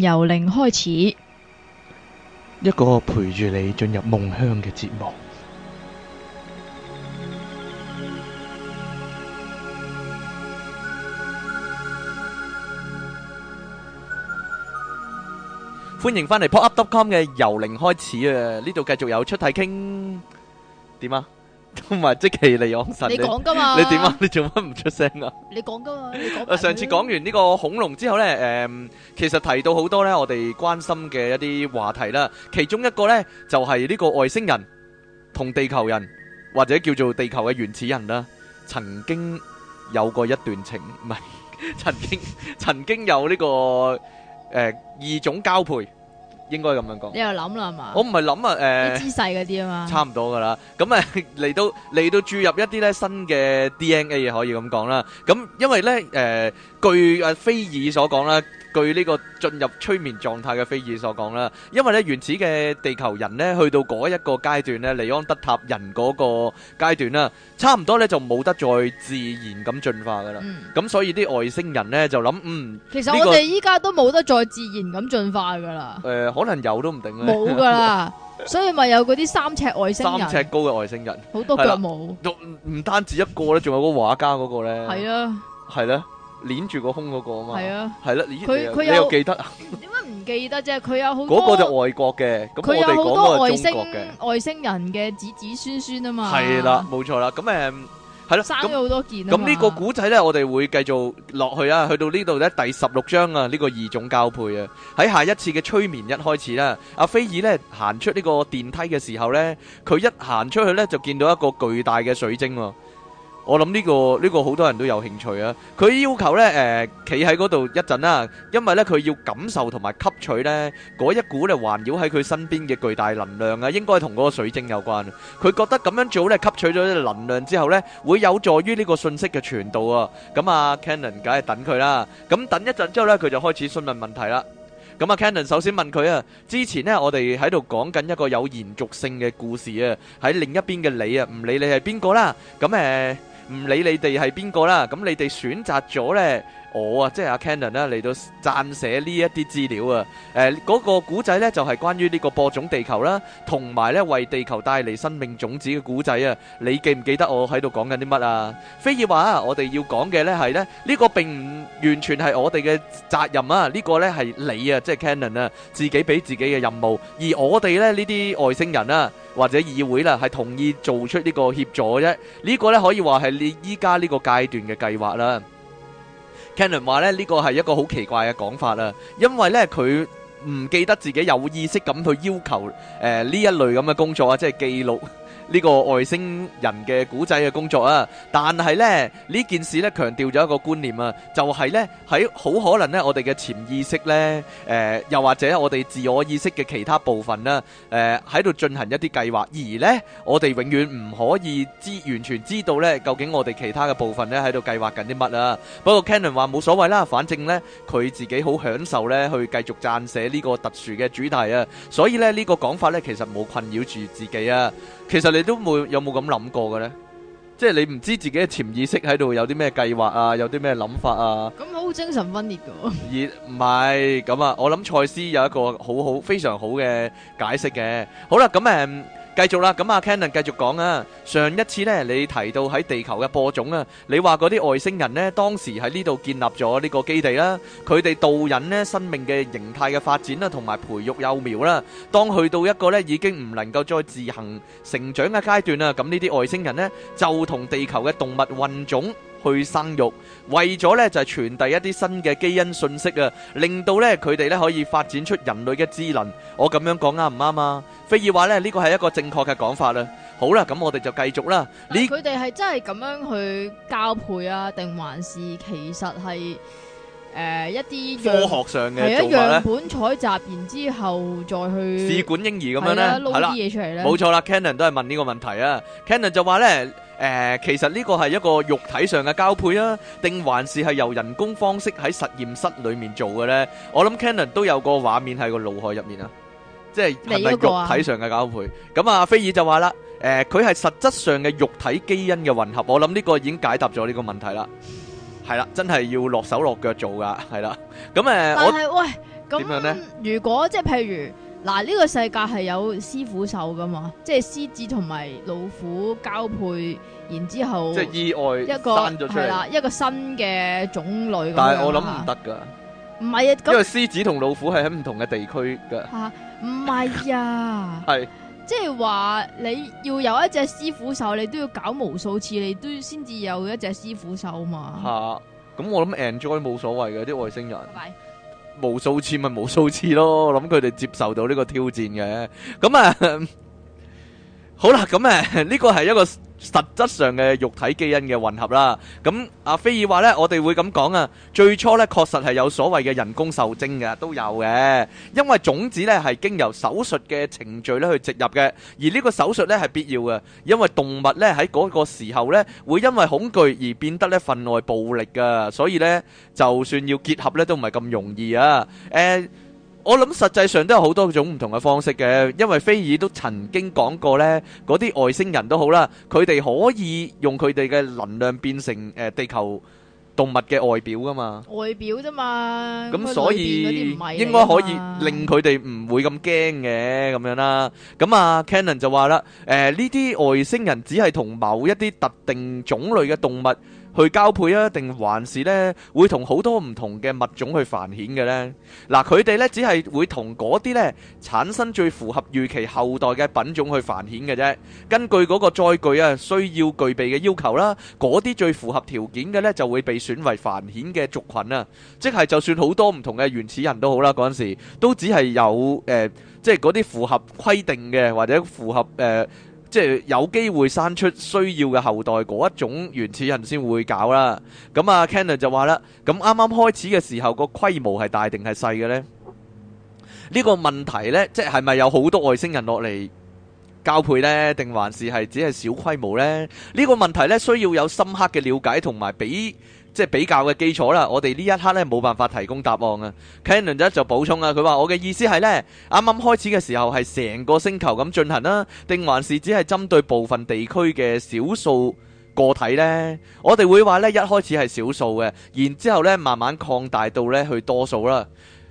由零開始，一個陪住你進入夢鄉嘅節目。歡迎返嚟 pop up dot com 嘅由零開始啊！呢度繼續有出體傾點啊！同埋即奇利昂神，你講噶嘛？你點啊？你做乜唔出聲啊？你講噶嘛？你講。上次講完呢個恐龍之後咧，誒，其實提到好多咧，我哋關心嘅一啲話題啦。其中一個咧就係呢個外星人同地球人或者叫做地球嘅原始人啦，曾經有過一段情，唔係，曾經曾經有呢個誒異種交配。應該咁樣講，你又諗啦、係、嘛？我唔係諗啊，誒姿勢嗰啲啊嘛，差唔多噶啦。咁誒嚟到嚟到注入一啲咧新嘅 DNA，可以咁講啦。咁因為咧誒、呃，據阿、呃、菲爾所講啦。據呢個進入催眠狀態嘅菲爾所講啦，因為咧原始嘅地球人咧去到嗰一個階段咧，尼安德塔人嗰個階段啦，差唔多咧就冇得再自然咁進化噶啦。咁所以啲外星人咧就諗，嗯，其實我哋依家都冇得再自然咁進化噶啦。誒，可能有都唔定咧？冇噶啦，所以咪有嗰啲三尺外星人。三尺高嘅外星人，好多腳毛。唔唔單止一個咧，仲有嗰畫家嗰個咧。係啦。係咧。捻住個胸嗰個啊嘛，係啊，係啦，佢佢有你又記得啊？點解唔記得啫？佢有好嗰 個就是外國嘅，咁我哋講嗰個係中國嘅外星人嘅子子孫孫啊嘛，係啦，冇錯啦，咁誒，係、嗯、啦，生咗好多件。咁呢個古仔咧，我哋會繼續落去啊，去到這裡呢度咧第十六章啊，呢、這個異種交配啊，喺下一次嘅催眠一開始啦，阿菲爾咧行出呢個電梯嘅時候咧，佢一行出去咧就見到一個巨大嘅水晶。我諗呢個呢個好多人都有興趣啊！佢要求咧，誒，企喺嗰度一陣啦，因為咧佢要感受同埋吸取咧嗰一股咧環繞喺佢身邊嘅巨大能量啊！應該同嗰個水晶有關。佢覺得咁樣做咧吸取咗啲能量之後咧，會有助於呢個信息嘅傳導啊！咁啊，Cannon 梗係等佢啦。咁等一陣之後咧，佢就開始詢問問題啦。咁啊，Cannon 首先問佢啊，之前咧我哋喺度講緊一個有延續性嘅故事啊，喺另一邊嘅你啊，唔理你係邊個啦，咁誒。唔理你哋係邊個啦，咁你哋選擇咗咧，我啊，即係阿 Cannon 啦，嚟到撰寫呢一啲資料啊。誒，嗰個古仔咧就係關於呢個播種地球啦，同埋咧為地球帶嚟生命種子嘅古仔啊。你記唔記得我喺度講緊啲乜啊？菲爾話啊，我哋要講嘅咧係咧，呢個並唔完全係我哋嘅責任啊。呢個咧係你啊，即係 Cannon 啊，自己俾自己嘅任務，而我哋咧呢啲外星人啊。或者議會啦，係同意做出呢個協助啫。呢、呢個呢可以話係你依家呢個階段嘅計劃啦。Cannon 話呢，呢個係一個好奇怪嘅講法啦，因為呢，佢唔記得自己有意識咁去要求誒呢、呃、一類咁嘅工作啊，即係記錄。呢個外星人嘅古仔嘅工作啊，但係咧呢件事咧強調咗一個觀念啊，就係咧，喺好可能呢，我哋嘅潛意識呢，誒又或者我哋自我意識嘅其他部分呢，誒喺度進行一啲計劃，而呢，我哋永遠唔可以知完全知道呢，究竟我哋其他嘅部分呢喺度計劃緊啲乜啊。不過 Canon 話冇所謂啦，反正呢，佢自己好享受呢去繼續撰寫呢個特殊嘅主題啊，所以呢，呢個講法呢，其實冇困擾住自己啊，其實。你都冇有冇咁諗過嘅咧？即係你唔知自己嘅潛意識喺度有啲咩計劃啊，有啲咩諗法啊？咁好精神分裂噶？而唔係咁啊？我諗蔡司有一個好好非常好嘅解釋嘅。好啦，咁誒。繼續啦，咁啊，Cannon 繼續講啊。上一次呢，你提到喺地球嘅播種啊，你話嗰啲外星人呢，當時喺呢度建立咗呢個基地啦，佢哋導引呢生命嘅形態嘅發展啦，同埋培育幼苗啦。當去到一個呢已經唔能夠再自行成長嘅階段啦，咁呢啲外星人呢就同地球嘅動物混種。去生育，為咗咧就係傳遞一啲新嘅基因信息啊，令到咧佢哋咧可以發展出人類嘅智能。我咁樣講啱唔啱啊？菲爾話咧呢個係一個正確嘅講法啦。好啦，咁我哋就繼續啦。你佢哋係真係咁樣去交配啊，定還是其實係誒、呃、一啲科學上嘅係一樣本採集，然之後再去試管嬰兒咁樣咧，攞啲嘢出嚟。咧。冇錯啦，Cannon 都係問呢個問題啊。Cannon 就話咧。誒，其實呢個係一個肉體上嘅交配啊，定還是係由人工方式喺實驗室裏面做嘅呢？我諗 Canon 都有個畫面喺個腦海入面啊，即係係咪肉體上嘅交配？咁啊，菲爾就話啦，誒，佢係實質上嘅肉體基因嘅混合。我諗呢個已經解答咗呢個問題啦。係啦，真係要落手落腳做噶，係啦。咁誒，但係喂，點樣呢？如果即係譬如。嗱，呢、啊呢個世界係有獅虎獸噶嘛，即係獅子同埋老虎交配，然之後即係意外一個生咗出嚟啦，一個新嘅種類但的。但係我諗唔得噶，唔係啊，因為獅子同老虎係喺唔同嘅地區噶。嚇，唔係啊，係、啊啊、 即係話你要有一隻獅虎獸，你都要搞無數次，你都先至有一隻獅虎獸嘛。嚇、啊，咁我諗 enjoy 冇所謂嘅啲外星人。拜拜。無數次咪無數次咯，諗佢哋接受到呢個挑戰嘅，咁啊。 好啦，咁誒呢個係一個實質上嘅肉體基因嘅混合啦。咁阿菲爾話咧，我哋會咁講啊。最初咧確實係有所謂嘅人工受精嘅，都有嘅。因為種子咧係經由手術嘅程序咧去植入嘅，而呢個手術咧係必要嘅，因為動物咧喺嗰個時候咧會因為恐懼而變得咧分外暴力嘅，所以咧就算要結合咧都唔係咁容易啊。誒。我諗實際上都有好多種唔同嘅方式嘅，因為菲爾都曾經講過呢，嗰啲外星人都好啦，佢哋可以用佢哋嘅能量變成誒地球動物嘅外表噶嘛，外表啫嘛，咁所以應該可以令佢哋唔會咁驚嘅咁樣啦。咁啊，Cannon 就話啦，誒呢啲外星人只係同某一啲特定種類嘅動物去交配啊，定還是呢，是會同好多唔同嘅物種去繁衍嘅呢？嗱，佢哋呢，只係會同嗰啲呢產生最符合預期後代嘅品種去繁衍嘅啫。根據嗰個載具啊，需要具備嘅要求啦，嗰啲最符合條件嘅呢，就會被選為繁衍嘅族群啊。即係就算好多唔同嘅原始人都好啦，嗰陣時都只係有誒，即係嗰啲符合規定嘅或者符合誒。呃即係有機會生出需要嘅後代嗰一種原始人先會搞啦。咁啊，Cannon 就話啦，咁啱啱開始嘅時候個規模係大定係細嘅呢？呢個問題呢，即係咪有好多外星人落嚟交配呢？定還是係只係小規模呢？呢個問題呢，需要有深刻嘅了解同埋畀。即係比較嘅基礎啦，我哋呢一刻呢，冇辦法提供答案啊。Cannon 就補充啊，佢話我嘅意思係呢，啱啱開始嘅時候係成個星球咁進行啦，定還是只係針對部分地區嘅少數個體呢？我哋會話呢，一開始係少數嘅，然之後呢，慢慢擴大到呢去多數啦。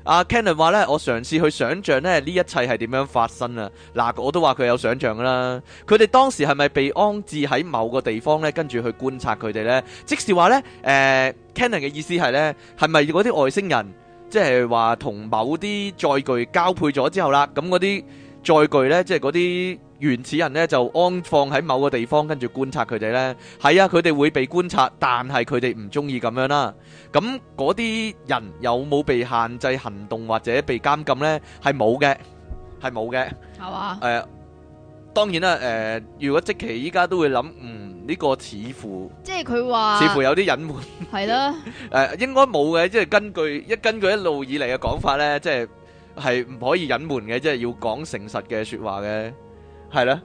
阿 Cannon 話咧，我嘗試去想像咧呢一切係點樣發生啊！嗱，我都話佢有想像㗎啦。佢哋當時係咪被安置喺某個地方咧，跟住去觀察佢哋咧？即係話咧，誒、呃，Cannon 嘅意思係咧，係咪嗰啲外星人即係話同某啲載具交配咗之後啦？咁嗰啲載具咧，即係嗰啲。原始人咧就安放喺某個地方，跟住觀察佢哋咧。係啊，佢哋會被觀察，但係佢哋唔中意咁樣啦。咁嗰啲人有冇被限制行動或者被監禁咧？係冇嘅，係冇嘅，係嘛吧？誒、呃，當然啦。誒、呃，如果即期依家都會諗，嗯，呢、這個似乎即係佢話似乎有啲隱瞞，係咯？誒，應該冇嘅，即係根，根據一根據一路以嚟嘅講法咧，即係係唔可以隱瞞嘅，即係要講誠實嘅説話嘅。係啦，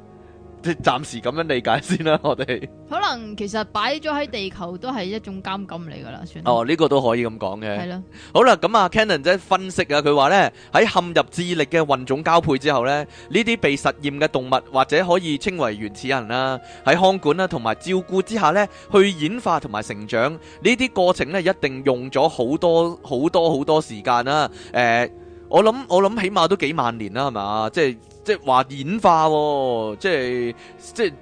即係暫時咁樣理解先啦，我哋可能其實擺咗喺地球都係一種監禁嚟噶啦，算哦呢個都可以咁講嘅。係咯的，好啦，咁啊 Cannon 即分析啊，佢話咧喺陷入智力嘅混種交配之後咧，呢啲被實驗嘅動物或者可以稱為原始人啦、啊，喺看管啦同埋照顧之下咧，去演化同埋成長呢啲過程咧，一定用咗好多好多好多時間啦、啊。誒、呃，我諗我諗起碼都幾萬年啦，係咪？即、就、係、是。即係話演化即係，即。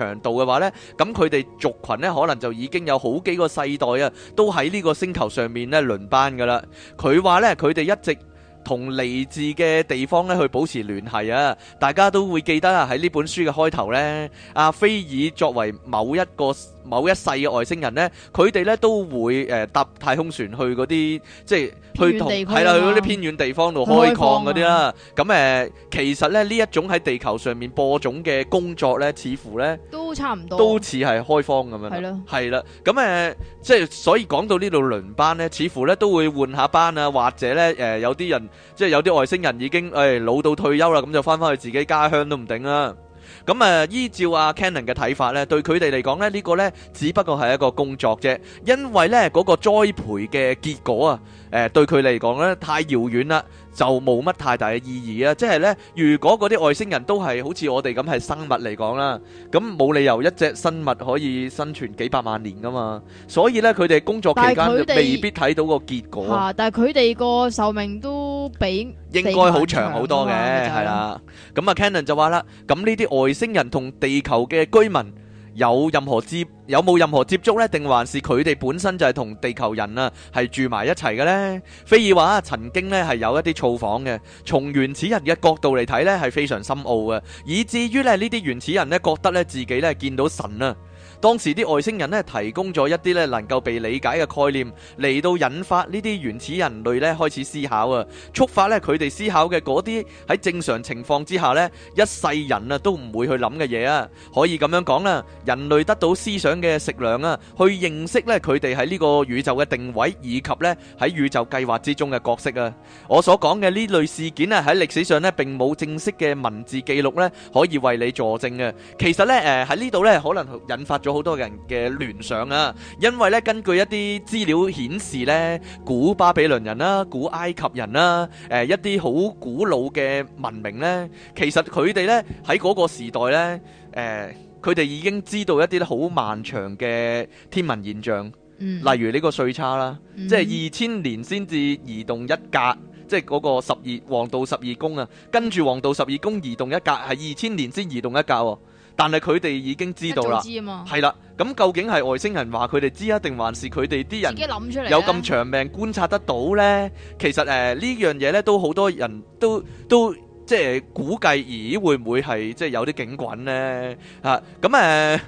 強度嘅話呢，咁佢哋族群呢，可能就已經有好幾個世代啊，都喺呢個星球上面呢輪班噶啦。佢話呢，佢哋一直同嚟自嘅地方呢去保持聯繫啊。大家都會記得啊，喺呢本書嘅開頭呢，阿菲爾作為某一個。某一世嘅外星人咧，佢哋咧都會誒、呃、搭太空船去嗰啲，即係去同係啦，去嗰啲偏遠地方度開礦嗰啲啦。咁、啊呃、其實咧呢一種喺地球上面播種嘅工作咧，似乎咧都差唔多，都似係開荒咁樣。係咯的，係啦。咁即係所以講到呢度輪班咧，似乎咧都會換下班啊，或者咧、呃、有啲人即係有啲外星人已經誒、哎、老到退休啦，咁就翻返去自己家鄉都唔定啦。咁啊，依照阿 Canon 嘅睇法咧，對佢哋嚟講咧，呢、這個咧，只不過係一個工作啫，因為咧嗰個栽培嘅結果啊，誒，對佢嚟講咧，太遙遠啦。就冇乜太大嘅意義啊！即係呢，如果嗰啲外星人都係好似我哋咁係生物嚟講啦，咁冇理由一隻生物可以生存幾百萬年噶嘛？所以呢，佢哋工作期間未必睇到個結果。嚇！但係佢哋個壽命都比應該好長好多嘅，係啦。咁啊，Cannon 就話啦，咁呢啲外星人同地球嘅居民。有任何接有冇任何接觸呢？定還是佢哋本身就係同地球人啊，係住埋一齊嘅呢？菲爾話曾經咧係有一啲造訪嘅。從原始人嘅角度嚟睇呢，係非常深奧嘅，以至於咧呢啲原始人呢，覺得呢自己呢，見到神啊。當時啲外星人咧提供咗一啲咧能夠被理解嘅概念，嚟到引發呢啲原始人類咧開始思考啊，觸發咧佢哋思考嘅嗰啲喺正常情況之下咧一世人啊都唔會去諗嘅嘢啊，可以咁樣講啦，人類得到思想嘅食糧啊，去認識咧佢哋喺呢個宇宙嘅定位以及咧喺宇宙計劃之中嘅角色啊，我所講嘅呢類事件咧喺歷史上咧並冇正式嘅文字記錄咧可以為你佐證嘅，其實咧誒喺呢度咧可能引發咗。好多人嘅聯想啊，因為咧根據一啲資料顯示咧，古巴比倫人啦、啊、古埃及人啦、啊，誒、呃、一啲好古老嘅文明咧，其實佢哋咧喺嗰個時代咧，誒佢哋已經知道一啲好漫長嘅天文現象，mm. 例如呢個歲差啦，mm hmm. 即係二千年先至移動一格，即係嗰個十二黃道十二宮啊，跟住黃道十二宮移動一格，係二千年先移動一格。但係佢哋已經知道啦，係啦，咁究竟係外星人話佢哋知呀定，還是佢哋啲人有咁長命觀察得到呢？呢其實誒呢樣嘢呢，都好多人都都即係估計咦會唔會係即係有啲警棍呢？嚇咁誒，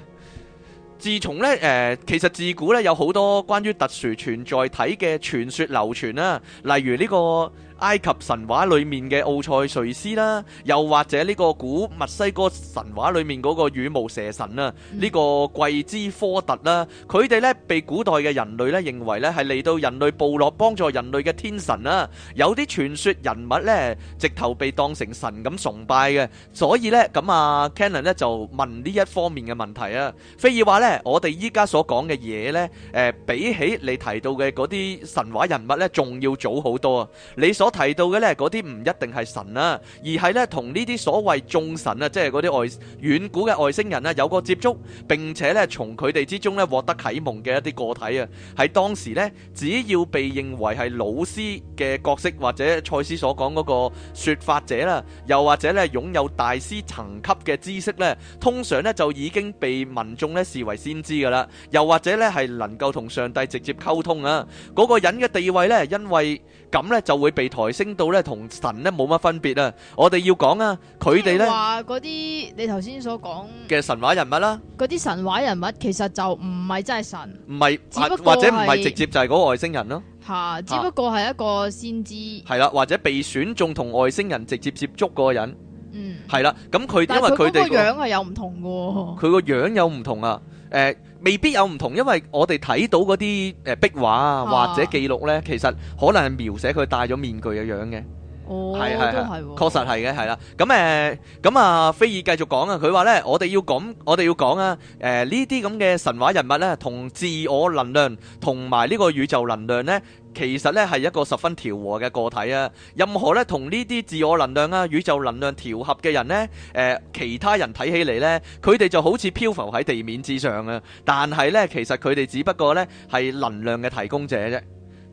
自從呢，誒、呃、其實自古呢，有好多關於特殊存在體嘅傳說流傳啦，例如呢個。埃及神話裡面嘅奧塞瑞斯啦，又或者呢個古墨西哥神話裡面嗰個羽毛蛇神啊，呢、嗯、個貴茲科特啦，佢哋呢被古代嘅人類呢認為呢係嚟到人類部落幫助人類嘅天神啊。有啲傳說人物呢直頭被當成神咁崇拜嘅。所以呢，咁啊，Cannon 呢就問呢一方面嘅問題啊。菲爾話呢，我哋依家所講嘅嘢呢，誒、呃、比起你提到嘅嗰啲神話人物呢，仲要早好多啊。你所提到嘅呢嗰啲唔一定係神啊，而係呢，同呢啲所謂眾神啊，即係嗰啲外遠古嘅外星人啊，有個接觸，並且呢，從佢哋之中呢，獲得啟蒙嘅一啲個體啊，喺當時呢，只要被認為係老師嘅角色，或者蔡司所講嗰個說法者啦，又或者呢，擁有大師層級嘅知識呢，通常呢，就已經被民眾呢視為先知噶啦，又或者呢，係能夠同上帝直接溝通啊，嗰個人嘅地位呢，因為。咁咧就會被抬升到咧同神咧冇乜分別啊！我哋要講啊，佢哋咧話嗰啲你頭先所講嘅神話人物啦，嗰啲神話人物其實就唔係真係神，唔係，只不過或者唔係直接就係嗰個外星人咯。嚇，只不過係一個先知。係啦，或者被選中同外星人直接接觸嗰個人。嗯，係啦，咁佢因為佢哋個樣係有唔同嘅，佢個樣有唔同啊。誒。未必有唔同，因為我哋睇到嗰啲誒壁畫啊，或者記錄呢，啊、其實可能係描寫佢戴咗面具嘅樣嘅。係係係，確實係嘅，係啦。咁誒、哦，咁、呃、啊，菲爾繼續講啊，佢話咧，我哋要講，我哋要講啊。誒、呃，呢啲咁嘅神話人物咧，同自我能量同埋呢個宇宙能量咧，其實咧係一個十分調和嘅個體啊。任何咧同呢啲自我能量啊、宇宙能量調合嘅人咧，誒、呃，其他人睇起嚟咧，佢哋就好似漂浮喺地面之上啊。但係咧，其實佢哋只不過咧係能量嘅提供者啫。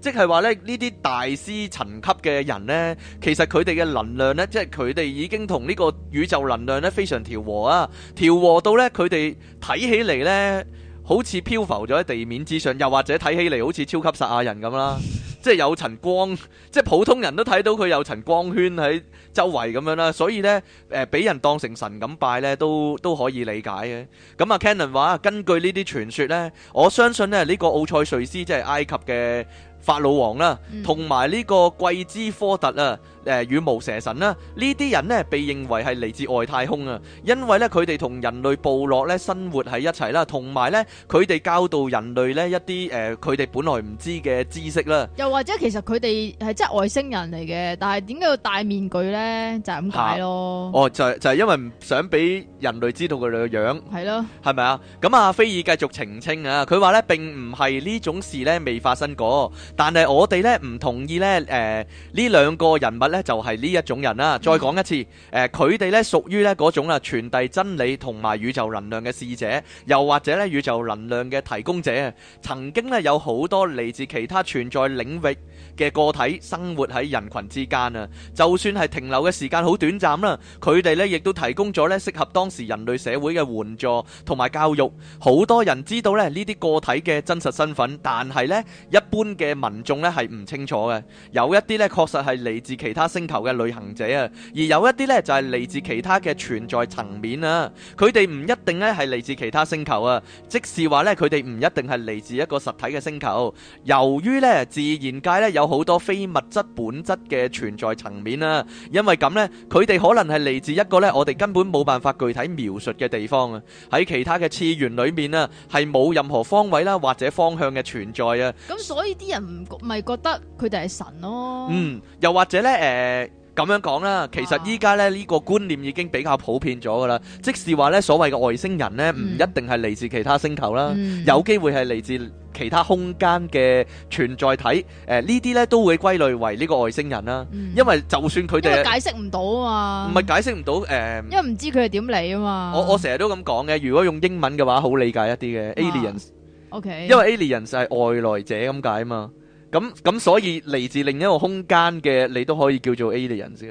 即係話咧，呢啲大師層級嘅人呢，其實佢哋嘅能量呢，即係佢哋已經同呢個宇宙能量呢非常調和啊。調和到呢，佢哋睇起嚟呢，好似漂浮咗喺地面之上，又或者睇起嚟好似超級撒亞人咁啦。即係有層光，即係普通人都睇到佢有層光圈喺周圍咁樣啦。所以呢，誒、呃、俾人當成神咁拜呢，都都可以理解嘅。咁啊，Cannon 話根據呢啲傳說呢，我相信呢，呢、呢個奧賽瑞斯即係埃及嘅法老王啦、啊，同埋呢個貴茲科特啊，誒、呃、羽毛蛇神啦、啊，呢啲人呢，被認為係嚟自外太空啊，因為呢，佢哋同人類部落呢，生活喺一齊啦、啊，同埋呢，佢哋教導人類呢，一啲誒佢哋本來唔知嘅知識啦、啊。又或者其實佢哋係真外星人嚟嘅，但係點解要戴面具呢？就係、是、咁解咯、啊啊。哦，就係就係因為唔想俾人類知道佢哋個樣。係咯了。係咪啊？咁阿菲爾繼續澄清啊，佢話呢，並唔係呢種事呢未發生過。但係我哋咧唔同意咧，誒呢兩個人物咧就係呢一種人啦。再講一次，誒佢哋咧屬於咧嗰種啊傳遞真理同埋宇宙能量嘅使者，又或者咧宇宙能量嘅提供者。曾經咧有好多嚟自其他存在領域嘅個體生活喺人群之間啊。就算係停留嘅時間好短暫啦，佢哋咧亦都提供咗咧適合當時人類社會嘅援助同埋教育。好多人知道咧呢啲個體嘅真實身份，但係咧一般嘅民群眾咧係唔清楚嘅，有一啲咧確實係嚟自其他星球嘅旅行者啊，而有一啲咧就係嚟自其他嘅存在層面啊。佢哋唔一定咧係嚟自其他星球啊，即是話咧佢哋唔一定係嚟自一個實體嘅星球。由於咧自然界咧有好多非物質本質嘅存在層面啦，因為咁咧佢哋可能係嚟自一個咧我哋根本冇辦法具體描述嘅地方啊。喺其他嘅次元裏面啊，係冇任何方位啦或者方向嘅存在啊。咁所以啲人，唔咪覺得佢哋係神咯？嗯，又或者咧，誒，咁樣講啦，其實依家咧呢個觀念已經比較普遍咗噶啦。即使話咧，所謂嘅外星人咧，唔一定係嚟自其他星球啦，有機會係嚟自其他空間嘅存在體。誒，呢啲咧都會歸類為呢個外星人啦。因為就算佢哋解釋唔到啊嘛，唔係解釋唔到誒，因為唔知佢哋點嚟啊嘛。我我成日都咁講嘅，如果用英文嘅話，好理解一啲嘅 aliens。OK，因為 aliens 就係外來者咁解啊嘛。咁咁所以嚟自另一個空間嘅你都可以叫做 aliens 嘅。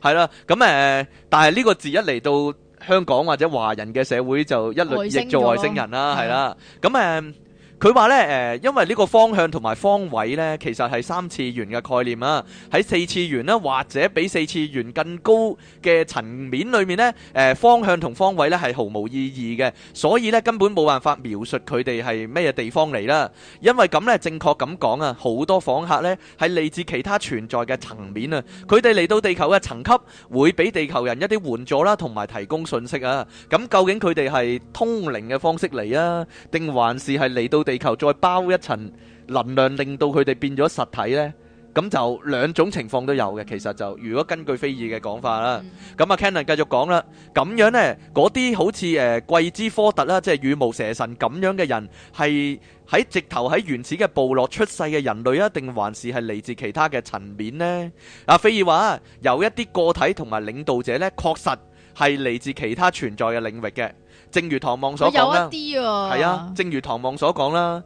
係啦，嗯。咁誒、呃，但係呢個字一嚟到香港或者華人嘅社會就一律譯做外星人啦，係啦。咁誒的。的佢話咧誒，因為呢個方向同埋方位咧，其實係三次元嘅概念啊。喺四次元啦，或者比四次元更高嘅層面裏面咧，誒方向同方位咧係毫無意義嘅，所以咧根本冇辦法描述佢哋係咩地方嚟啦。因為咁咧正確咁講啊，好多訪客咧係嚟自其他存在嘅層面啊。佢哋嚟到地球嘅層級會俾地球人一啲援助啦，同埋提供信息啊。咁究竟佢哋係通靈嘅方式嚟啊，定還是係嚟到地地球再包一層能量，令到佢哋變咗實體呢，咁就兩種情況都有嘅。其實就如果根據菲爾嘅講法啦，咁啊、嗯、Cannon 繼續講啦，咁樣呢，嗰啲好似誒、呃、貴茲科特啦，即係羽毛蛇神咁樣嘅人，係喺直頭喺原始嘅部落出世嘅人類啊，定還是係嚟自其他嘅層面呢？阿、啊、菲爾話有一啲個體同埋領導者呢，確實係嚟自其他存在嘅領域嘅。正如唐望所講啦，啊，啊，正如唐望所講啦，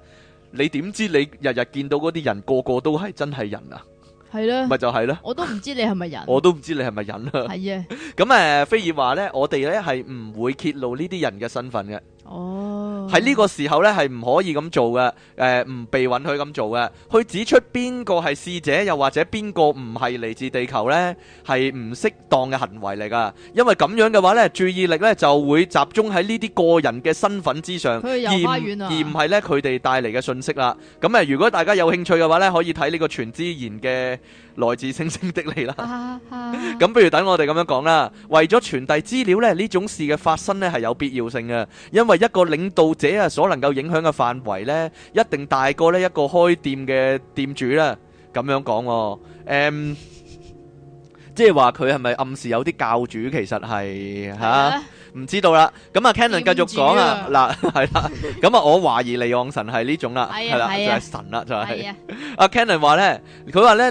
你點知你日日見到嗰啲人個個都係真係人啊？係咯的，咪就係咯，我都唔知你係咪人，我都唔知你係咪人啊？係啊的，咁誒， 飛爾話呢，我哋呢係唔會揭露呢啲人嘅身份嘅。喺呢個時候呢，係唔可以咁做嘅，誒、呃，唔被允許咁做嘅。去指出邊個係使者，又或者邊個唔係嚟自地球呢，係唔適當嘅行為嚟噶。因為咁樣嘅話呢，注意力呢就會集中喺呢啲個人嘅身份之上，而唔而唔係呢佢哋帶嚟嘅信息啦。咁如果大家有興趣嘅話呢，可以睇呢個全知源嘅。來自星星的你啦，咁 不如等我哋咁樣講啦。為咗傳遞資料呢，呢種事嘅發生呢係有必要性嘅，因為一個領導者啊所能夠影響嘅範圍呢，一定大過呢一個開店嘅店主啦。咁樣講，哦，喎，即係話佢係咪暗示有啲教主其實係吓 唔知道啦，咁啊，Cannon 繼續講啊，嗱，係啦，咁啊，我懷疑尼昂神係呢種啦，係啦，就係神啦，就係。阿 Cannon 話咧，佢話咧，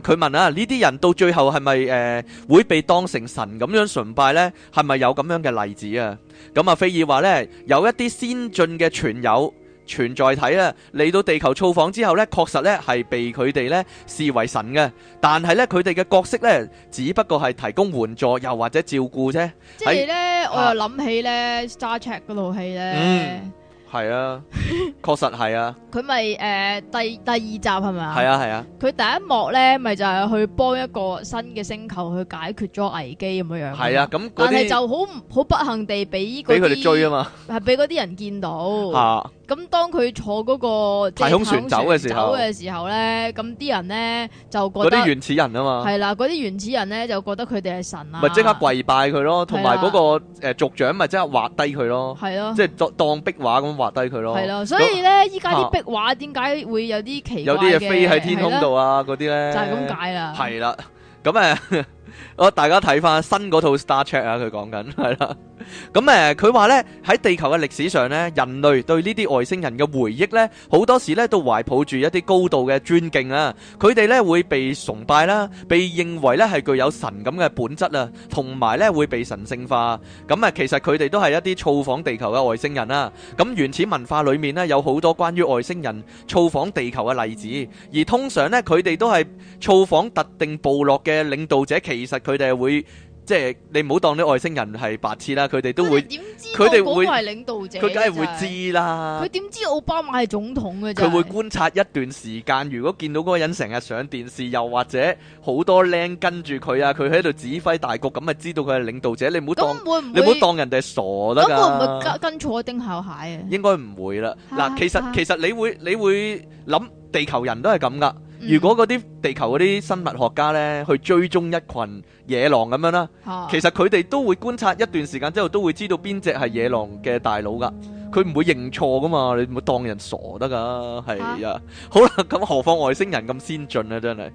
佢問啊，呢啲人到最後係咪誒會被當成神咁樣崇拜咧？係咪有咁樣嘅例子啊？咁啊，菲爾話咧，有一啲先進嘅傳友。存在體啦，嚟到地球造訪之後咧，確實咧係被佢哋咧視為神嘅。但係咧佢哋嘅角色咧，只不過係提供援助又或者照顧啫。即係咧，啊、我又諗起咧 Star Trek 嗰套戲咧，係、嗯、啊，確 實係啊不是。佢咪誒第第二集係咪啊？係啊，係啊。佢第一幕咧咪就係、是、去幫一個新嘅星球去解決咗危機咁樣樣。係啊，咁但係就好好不幸地俾俾佢哋追啊嘛，係俾嗰啲人見到。咁當佢坐嗰、那個太空船走嘅時候走嘅時候咧，咁啲人咧就覺得嗰啲原始人啊嘛，係啦，嗰啲原始人咧就覺得佢哋係神啦、啊，咪即刻跪拜佢咯，同埋嗰個誒、呃、族長咪即刻畫低佢咯，係咯，即係當壁畫咁畫低佢咯，係咯，所以咧依家啲壁畫點解會有啲奇怪、啊、有啲嘢飛喺天空度啊，嗰啲咧就係咁解啦，係啦，咁誒，我、呃、大家睇翻新嗰套 Star Trek 啊，佢講緊係啦。咁誒，佢話呢，喺地球嘅歷史上呢，人類對呢啲外星人嘅回憶呢，好多時呢都懷抱住一啲高度嘅尊敬啊。佢哋呢會被崇拜啦，被認為呢係具有神咁嘅本質啊，同埋呢會被神聖化。咁啊，其實佢哋都係一啲造訪地球嘅外星人啊。咁原始文化裏面呢，有好多關於外星人造訪地球嘅例子，而通常呢，佢哋都係造訪特定部落嘅領導者，其實佢哋會。即係你唔好當啲外星人係白痴啦，佢哋都會，佢哋會，佢梗係會知啦。佢點知奧巴馬係總統嘅、啊？佢會觀察一段時間，如果見到嗰個人成日上電視，又或者好多靚跟住佢啊，佢喺度指揮大局，咁咪知道佢係領導者。你唔好當，會會你唔好當人哋係傻得㗎、啊。咁會唔會跟跟錯丁孝蟹啊？應該唔會啦。嗱、啊，其實、啊、其實你會你會諗地球人都係咁噶。如果嗰啲地球嗰啲生物學家咧，去追蹤一群野狼咁樣啦，啊、其實佢哋都會觀察一段時間之後，都會知道邊隻係野狼嘅大佬噶，佢唔會認錯噶嘛，你唔會當人傻得噶、啊，係呀、啊，啊、好啦，咁何況外星人咁先進啊，真係，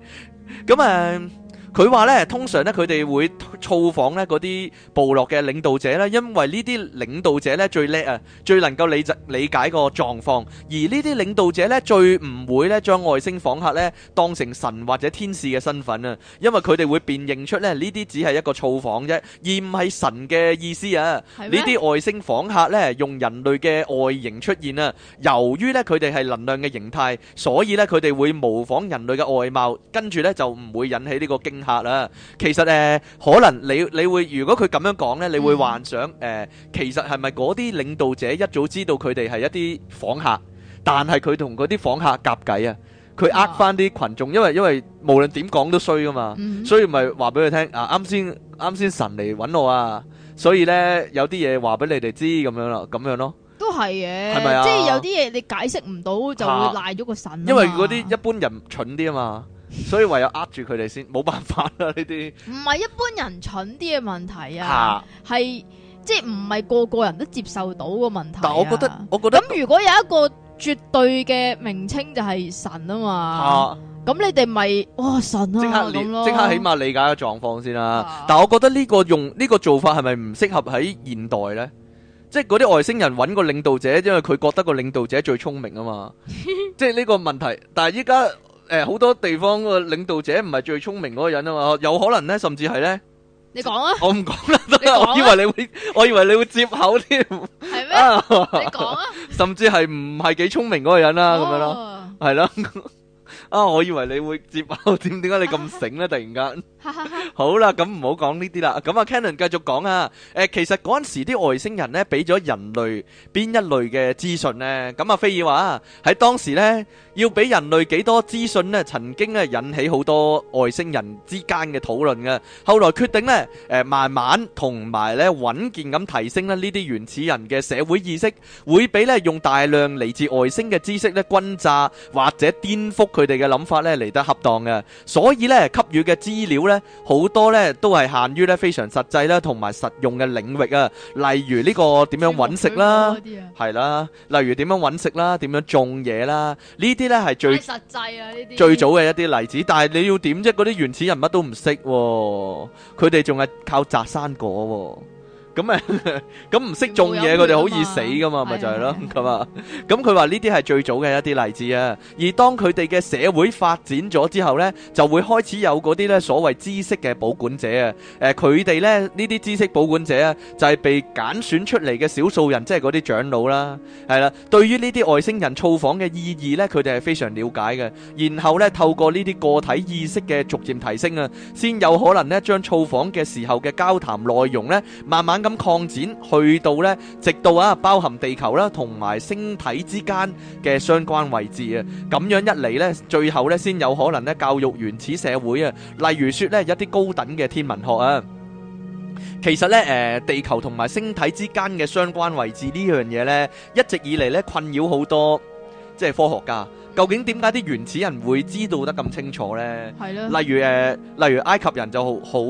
咁啊。嗯佢話咧，通常咧佢哋會造訪咧嗰啲部落嘅領導者咧，因為呢啲領導者咧最叻啊，最能夠理就理解個狀況，而呢啲領導者咧最唔會咧將外星訪客咧當成神或者天使嘅身份啊，因為佢哋會辨認出咧呢啲只係一個造訪啫，而唔係神嘅意思啊。呢啲外星訪客咧用人類嘅外形出現啊，由於咧佢哋係能量嘅形態，所以咧佢哋會模仿人類嘅外貌，跟住咧就唔會引起呢個驚客啦，其實誒，可能你你會如果佢咁樣講咧，你會幻想誒，其實係咪嗰啲領導者一早知道佢哋係一啲訪客，但係佢同嗰啲訪客夾計啊，佢呃翻啲群眾，因為因為無論點講都衰噶嘛，所以咪話俾佢聽啊，啱先啱先神嚟搵我啊，所以咧有啲嘢話俾你哋知咁樣咯，咁樣咯，都係嘅，係咪啊？即係有啲嘢你解釋唔到，就會賴咗個神，因為嗰啲一般人蠢啲啊嘛。所以唯有呃住佢哋先，冇辦法啦、啊！呢啲唔係一般人蠢啲嘅問題啊，係、啊、即係唔係個個人都接受到嘅問題、啊。但我覺得，我覺得咁如果有一個絕對嘅名稱就係神、啊、神啊嘛，咁你哋咪哇神啊咁咯，即刻起碼理解個狀況先啦、啊。啊、但我覺得呢個用呢、這個做法係咪唔適合喺現代咧？即係嗰啲外星人揾個領導者，因為佢覺得個領導者最聰明啊嘛。 即係呢個問題，但係依家。誒，好多地方個領導者唔係最聰明嗰個人啊嘛，有可能咧，甚至係咧，你講啊，我唔講啦，都係我以為你會，我以為你會接口添，係咩？你講啊，甚至係唔係幾聰明嗰個人啦，咁樣咯，係咯，啊，我以為你會接口，點點解你咁醒咧？突然間，好啦，咁唔好講呢啲啦，咁啊，Cannon 繼續講啊，誒，其實嗰陣時啲外星人咧，俾咗人類邊一類嘅資訊咧，咁啊，菲爾話喺當時咧。要俾人類幾多資訊呢，曾經咧引起好多外星人之間嘅討論嘅。後來決定呢、呃、慢慢同埋咧穩健咁提升咧呢啲原始人嘅社會意識，會俾咧用大量嚟自外星嘅知識咧轟炸或者顛覆佢哋嘅諗法咧嚟得恰當嘅。所以咧給予嘅資料咧好多咧都係限於咧非常實際啦同埋實用嘅領域啊，例如呢個點樣揾食啦，係啦，例如點樣揾食啦，點樣種嘢啦，呢啲。啲咧係最實際啊！呢啲最早嘅一啲例子，但係你要點啫？嗰啲原始人乜都唔識，哦，佢哋仲係靠摘生果，哦。咁啊，咁唔識種嘢，佢哋好易死噶嘛，咪就係咯咁啊。咁佢話呢啲係最早嘅一啲例子啊。而當佢哋嘅社會發展咗之後咧，就會開始有嗰啲咧所謂知識嘅保管者啊。誒，佢哋咧呢啲知識保管者啊，就係被揀選出嚟嘅少數人，即係嗰啲長老啦。係啦，對於呢啲外星人造訪嘅意義咧，佢哋係非常了解嘅。然後咧，透過呢啲個體意識嘅逐漸提升啊，先有可能咧將造訪嘅時候嘅交談內容咧，慢慢。咁擴展去到呢，直到啊，包含地球啦，同埋星體之間嘅相關位置啊，咁樣一嚟呢，最後呢，先有可能呢教育原始社會啊，例如說呢，一啲高等嘅天文學啊，其實呢，誒、呃、地球同埋星體之間嘅相關位置呢樣嘢呢，一直以嚟呢，困擾好多即係科學家，究竟點解啲原始人會知道得咁清楚呢？是的 例如誒、呃，例如埃及人就好。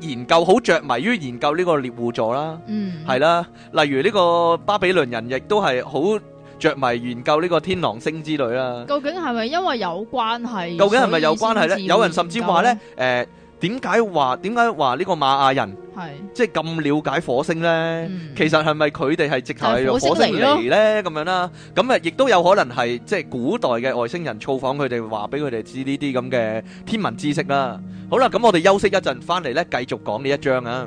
研究好著迷於研究呢個獵戶座啦，嗯，係啦，例如呢個巴比倫人亦都係好著迷研究呢個天狼星之類啦。究竟係咪因為有關係？究竟係咪有關係咧？有人甚至話咧，誒、呃。點解話點解話呢個瑪雅人即係咁了解火星咧？嗯、其實係咪佢哋係直頭係用火星嚟咧咁樣啦？咁啊，亦都有可能係即係古代嘅外星人造訪佢哋，話俾佢哋知呢啲咁嘅天文知識啦。嗯、好啦，咁我哋休息一陣，翻嚟咧繼續講呢一章啊。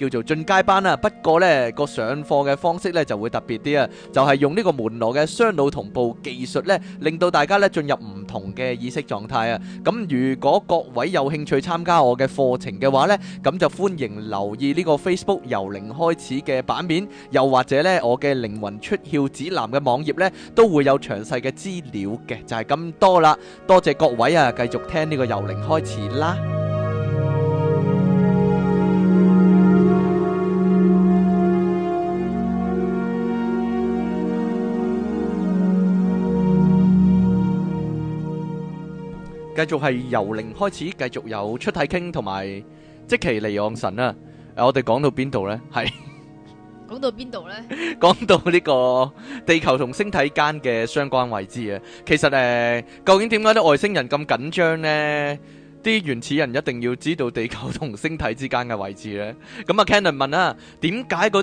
叫做進階班啦，不過呢個上課嘅方式呢就會特別啲啊，就係用呢個門羅嘅雙腦同步技術呢，令到大家呢進入唔同嘅意識狀態啊。咁如果各位有興趣參加我嘅課程嘅話呢，咁就歡迎留意呢個 Facebook 由零開始嘅版面，又或者呢我嘅靈魂出竅指南嘅網頁呢都會有詳細嘅資料嘅，就係咁多啦。多謝各位啊，繼續聽呢個由零開始啦。繼續係由零開始，繼續有出體傾同埋即其離岸神啦。誒，我哋講到邊度呢？係講到邊度呢？講到呢個地球同星體間嘅相關位置啊。其實誒，究竟點解啲外星人咁緊張呢？啲原始人一定要知道地球同星體之間嘅位置咧。咁啊，Cannon 問啊，點解嗰啲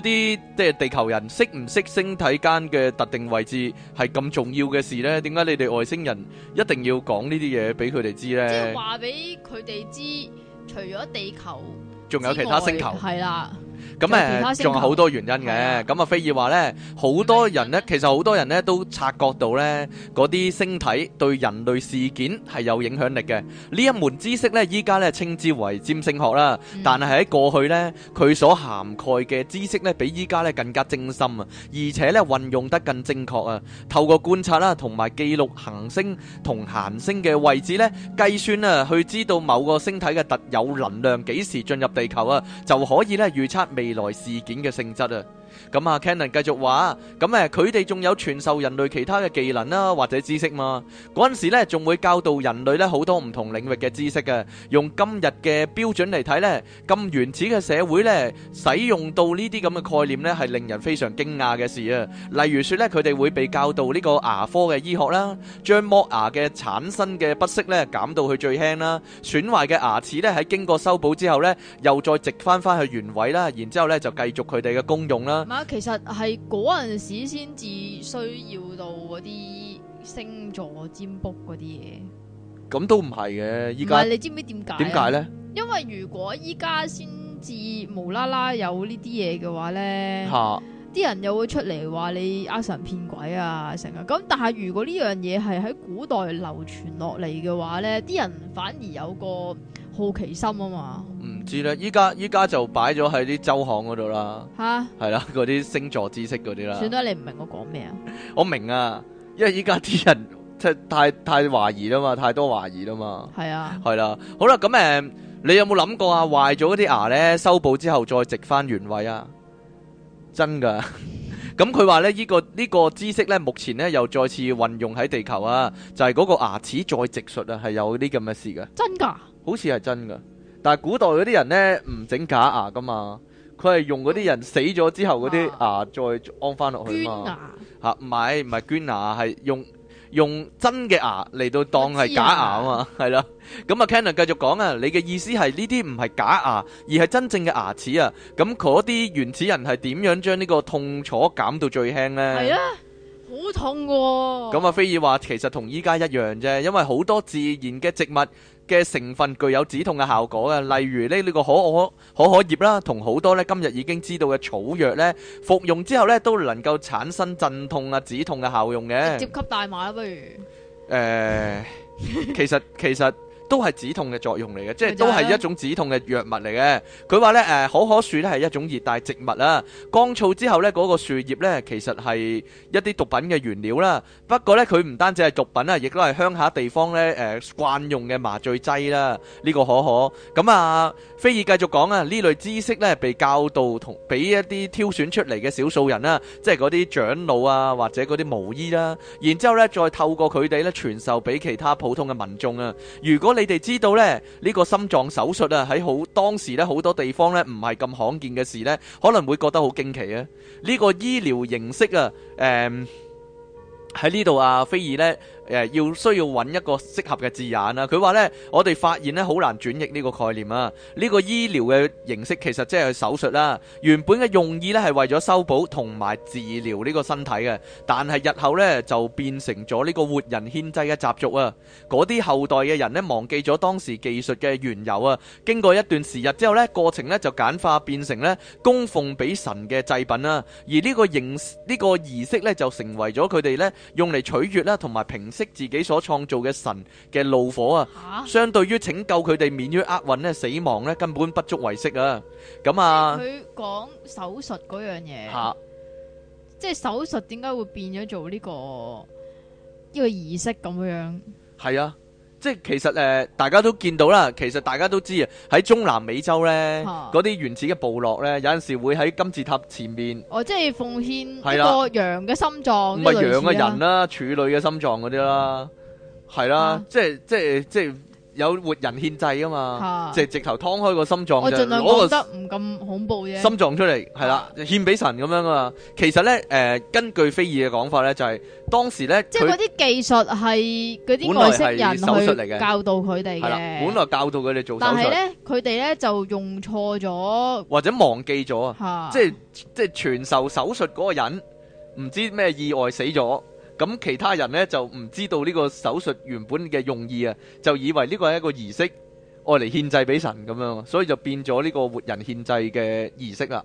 即係地球人識唔識星體間嘅特定位置係咁重要嘅事咧？點解你哋外星人一定要講呢啲嘢俾佢哋知咧？即係話俾佢哋知，除咗地球，仲有其他星球係啦。咁誒仲有好多原因嘅。咁啊呀，菲爾話咧，好多人咧，其實好多人咧都察覺到咧，嗰啲星體對人類事件係有影響力嘅。呢一門知識咧，依家咧稱之為占星學啦。但係喺過去咧，佢所涵蓋嘅知識咧，比依家咧更加精深啊，而且咧運用得更正確啊。透過觀察啦、啊，同埋記錄行星同行星嘅位置咧，計算啊，去知道某個星體嘅特有能量幾時進入地球啊，就可以咧預測。未來事件嘅性質啊！咁啊，Cannon 繼續話，咁誒，佢哋仲有傳授人類其他嘅技能啦，或者知識嘛。嗰陣時咧，仲會教導人類咧好多唔同領域嘅知識啊。用今日嘅標準嚟睇咧，咁原始嘅社會咧，使用到呢啲咁嘅概念咧，係令人非常驚訝嘅事啊。例如說咧，佢哋會被教導呢個牙科嘅醫學啦，將剝牙嘅產生嘅不適咧減到去最輕啦。損壞嘅牙齒咧喺經過修補之後咧，又再植翻翻去原位啦，然之後咧就繼續佢哋嘅功用啦。嘛，其實係嗰陣時先至需要到嗰啲星座占卜嗰啲嘢，咁都唔係嘅。唔係你知唔知點解？點解咧？因為如果依家先至無啦啦有這些東西呢啲嘢嘅話咧，啲、啊、人又會出嚟話你呃神騙鬼啊成啊。咁但係如果呢樣嘢係喺古代流傳落嚟嘅話咧，啲人反而有個好奇心啊嘛，唔知咧，依家依家就擺咗喺啲周巷嗰度啦。吓，係啦，嗰啲星座知識嗰啲啦。算啦，你唔明我講咩啊？我明啊，因為依家啲人即係太太懷疑啦嘛，太多懷疑啦嘛。係啊，係啦，好啦，咁誒，嗯，你有冇諗過啊？壞咗啲牙咧，修補之後再植翻原位啊？真噶？咁佢話咧，呢個呢個知識咧，目前咧又再次運用喺地球啊，就係嗰個牙齒再植術啊，係有啲咁嘅事噶。真噶？好似係真噶，但係古代嗰啲人呢，唔整假牙噶嘛，佢係用嗰啲人死咗之後嗰啲牙再安翻落去嘛。嚇、啊，唔係唔係捐牙，係用用真嘅牙嚟到當係假牙啊嘛，係 啦。咁啊 Cannon 繼續講啊，你嘅意思係呢啲唔係假牙，而係真正嘅牙齒啊。咁嗰啲原始人係點樣將呢個痛楚減到最輕呢？係啊，好痛噶。咁阿菲兒話其實同依家一樣啫，因為好多自然嘅植物，嘅成分具有止痛嘅效果嘅，例如呢呢個可可可可葉啦，同好多咧今日已經知道嘅草藥咧，服用之後咧都能夠產生鎮痛啊止痛嘅效用嘅。直接吸大麻啦不如？誒、呃， 其實其實。都係止痛嘅作用嚟嘅，即係都係一種止痛嘅藥物嚟嘅。佢話咧，誒可可樹咧係一種熱帶植物啦，乾燥之後咧嗰個樹葉咧其實係一啲毒品嘅原料啦。不過咧佢唔單止係毒品啦，亦都係鄉下地方咧誒慣用嘅麻醉劑啦。呢、這個可可咁啊，菲爾繼續講啊，呢類知識咧被教導同俾一啲挑選出嚟嘅少數人啦，即係嗰啲長老啊或者嗰啲巫醫啦、啊，然之後咧再透過佢哋咧傳授俾其他普通嘅民眾啊。如果你哋知道呢、呢、呢個心臟手術啊，喺好當時呢好多地方呢唔係咁罕見嘅事呢可能會覺得好驚奇啊！呢、呢個醫療形式啊，誒、嗯，喺呢度啊，菲爾呢。誒要需要揾一個適合嘅字眼啊。佢話呢，我哋發現呢，好難轉譯呢個概念啊。呢個醫療嘅形式其實即係手術啦。原本嘅用意呢，係為咗修補同埋治療呢個身體嘅，但係日後呢，就變成咗呢個活人獻祭嘅習俗啊。嗰啲後代嘅人呢，忘記咗當時技術嘅緣由啊。經過一段時日之後呢，過程呢，就簡化變成呢供奉俾神嘅祭品啦。而呢個形呢個儀式呢，就成為咗佢哋呢，用嚟取悅啦同埋平。識自己所創造嘅神嘅怒火啊！相對於拯救佢哋免於厄運咧、死亡咧，根本不足為惜啊！咁啊，佢講手術嗰樣嘢，即係手術點解會變咗做呢個呢個儀式咁樣？係啊。即係其實誒、呃，大家都見到啦。其實大家都知啊，喺中南美洲咧，嗰啲、啊、原始嘅部落咧，有陣時會喺金字塔前面，哦、即係奉獻一個羊嘅心臟，唔係羊嘅人啦，處女嘅心臟嗰啲啦，係、嗯、啦，啊、即係即係即係。有活人獻祭啊嘛，即係、啊、直頭劏開心個心臟出嚟。我儘量覺得唔咁恐怖嘅。心臟出嚟，係啦，啊、獻俾神咁樣啊嘛。其實咧，誒、呃、根據非爾嘅講法咧，就係、是、當時咧，即係嗰啲技術係嗰啲外星人手術嚟嘅，教導佢哋嘅。係啦，本來教導佢哋做手術，但係咧佢哋咧就用錯咗，或者忘記咗啊，即係即係傳授手術嗰個人唔知咩意外死咗。咁其他人呢，就唔知道呢個手術原本嘅用意啊，就以為呢個係一個儀式，愛嚟獻祭俾神咁樣，所以就變咗呢個活人獻祭嘅儀式啦，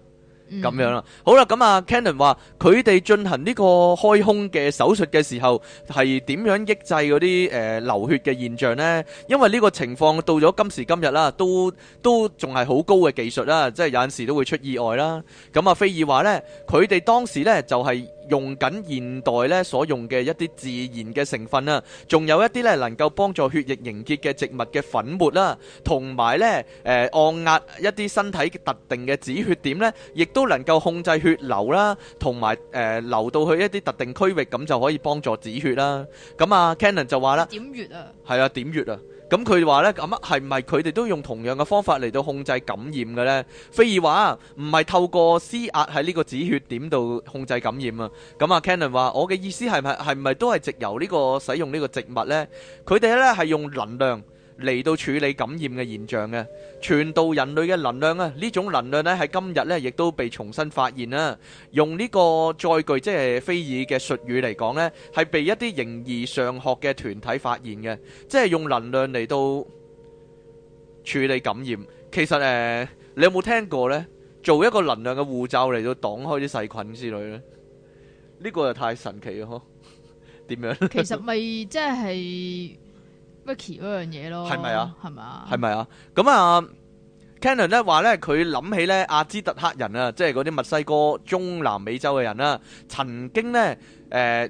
咁樣啦。嗯、好啦，咁啊，Cannon 話佢哋進行呢個開胸嘅手術嘅時候係點樣抑制嗰啲、呃、流血嘅現象呢？因為呢個情況到咗今時今日啦、啊，都都仲係好高嘅技術啦、啊，即係有陣時都會出意外啦。咁啊，菲爾話呢，佢哋當時呢就係、是。用緊現代咧所用嘅一啲自然嘅成分啊，仲有一啲咧能夠幫助血液凝結嘅植物嘅粉末、啊，啦，同埋咧誒按壓一啲身體特定嘅止血點咧，亦都能夠控制血流啦、啊，同埋誒流到去一啲特定區域，咁就可以幫助止血啦。咁啊，Canon 就話啦，點穴啊，係啊，啊，啊，點穴啊。咁佢話咧，咁啊，係唔係佢哋都用同樣嘅方法嚟到控制感染嘅咧？菲爾話，唔係透過施壓喺呢個止血點度控制感染啊。咁啊，Cannon 話我嘅意思係唔係，係唔係都係藉由呢個使用呢個植物咧？佢哋咧係用能量。嚟到處理感染嘅現象嘅，傳導人類嘅能量啊！呢種能量呢，喺今日呢亦都被重新發現啦。用呢個載具即係非爾嘅術語嚟講呢，係被一啲形而上學嘅團體發現嘅，即係用能量嚟到處理感染。其實誒、呃，你有冇聽過呢？做一個能量嘅護罩嚟到擋開啲細菌之類呢？呢、這個又太神奇咯，點樣？其實咪即係。威奇嗰樣嘢咯，係咪啊？係咪嗎啊？係咪啊？咁啊，Cannon 咧話咧，佢諗起咧，阿茲特克人啊，即係嗰啲墨西哥中南美洲嘅人啦、啊，曾經咧，呃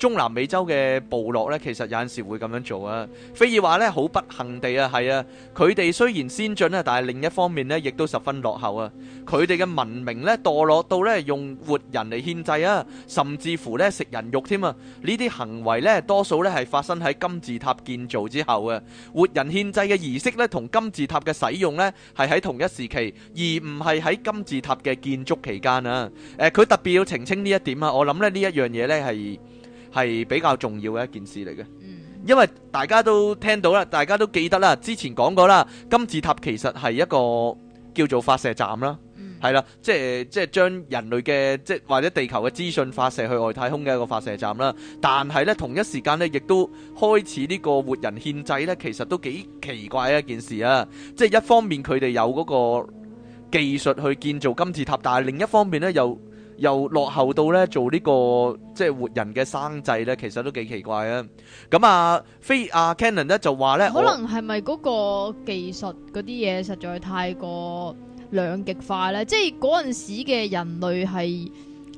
中南美洲嘅部落呢，其實有陣時會咁樣做啊。菲爾話呢，好不幸地啊，係啊，佢哋雖然先進咧，但係另一方面呢，亦都十分落後啊。佢哋嘅文明呢，墮落到咧，用活人嚟獻祭啊，甚至乎呢，食人肉添啊。呢啲行為呢，多數呢，係發生喺金字塔建造之後啊。活人獻祭嘅儀式呢，同金字塔嘅使用呢，係喺同一時期，而唔係喺金字塔嘅建築期間啊。誒、呃，佢特別要澄清呢一點啊。我諗咧，呢一樣嘢呢，係。係比較重要嘅一件事嚟嘅，因為大家都聽到啦，大家都記得啦，之前講過啦，金字塔其實係一個叫做發射站啦，係啦、嗯，即係即係將人類嘅即或者地球嘅資訊發射去外太空嘅一個發射站啦。但係呢，同一時間呢，亦都開始呢個活人獻祭呢，其實都幾奇怪嘅一件事啊！即係一方面佢哋有嗰個技術去建造金字塔，但係另一方面呢，又。又落後到咧做呢個即係活人嘅生制祭咧，其實都幾奇怪啊！咁啊，飛阿 Cannon 咧就話咧，可能係咪嗰個技術嗰啲嘢實在太過兩極化咧？即係嗰陣時嘅人類係。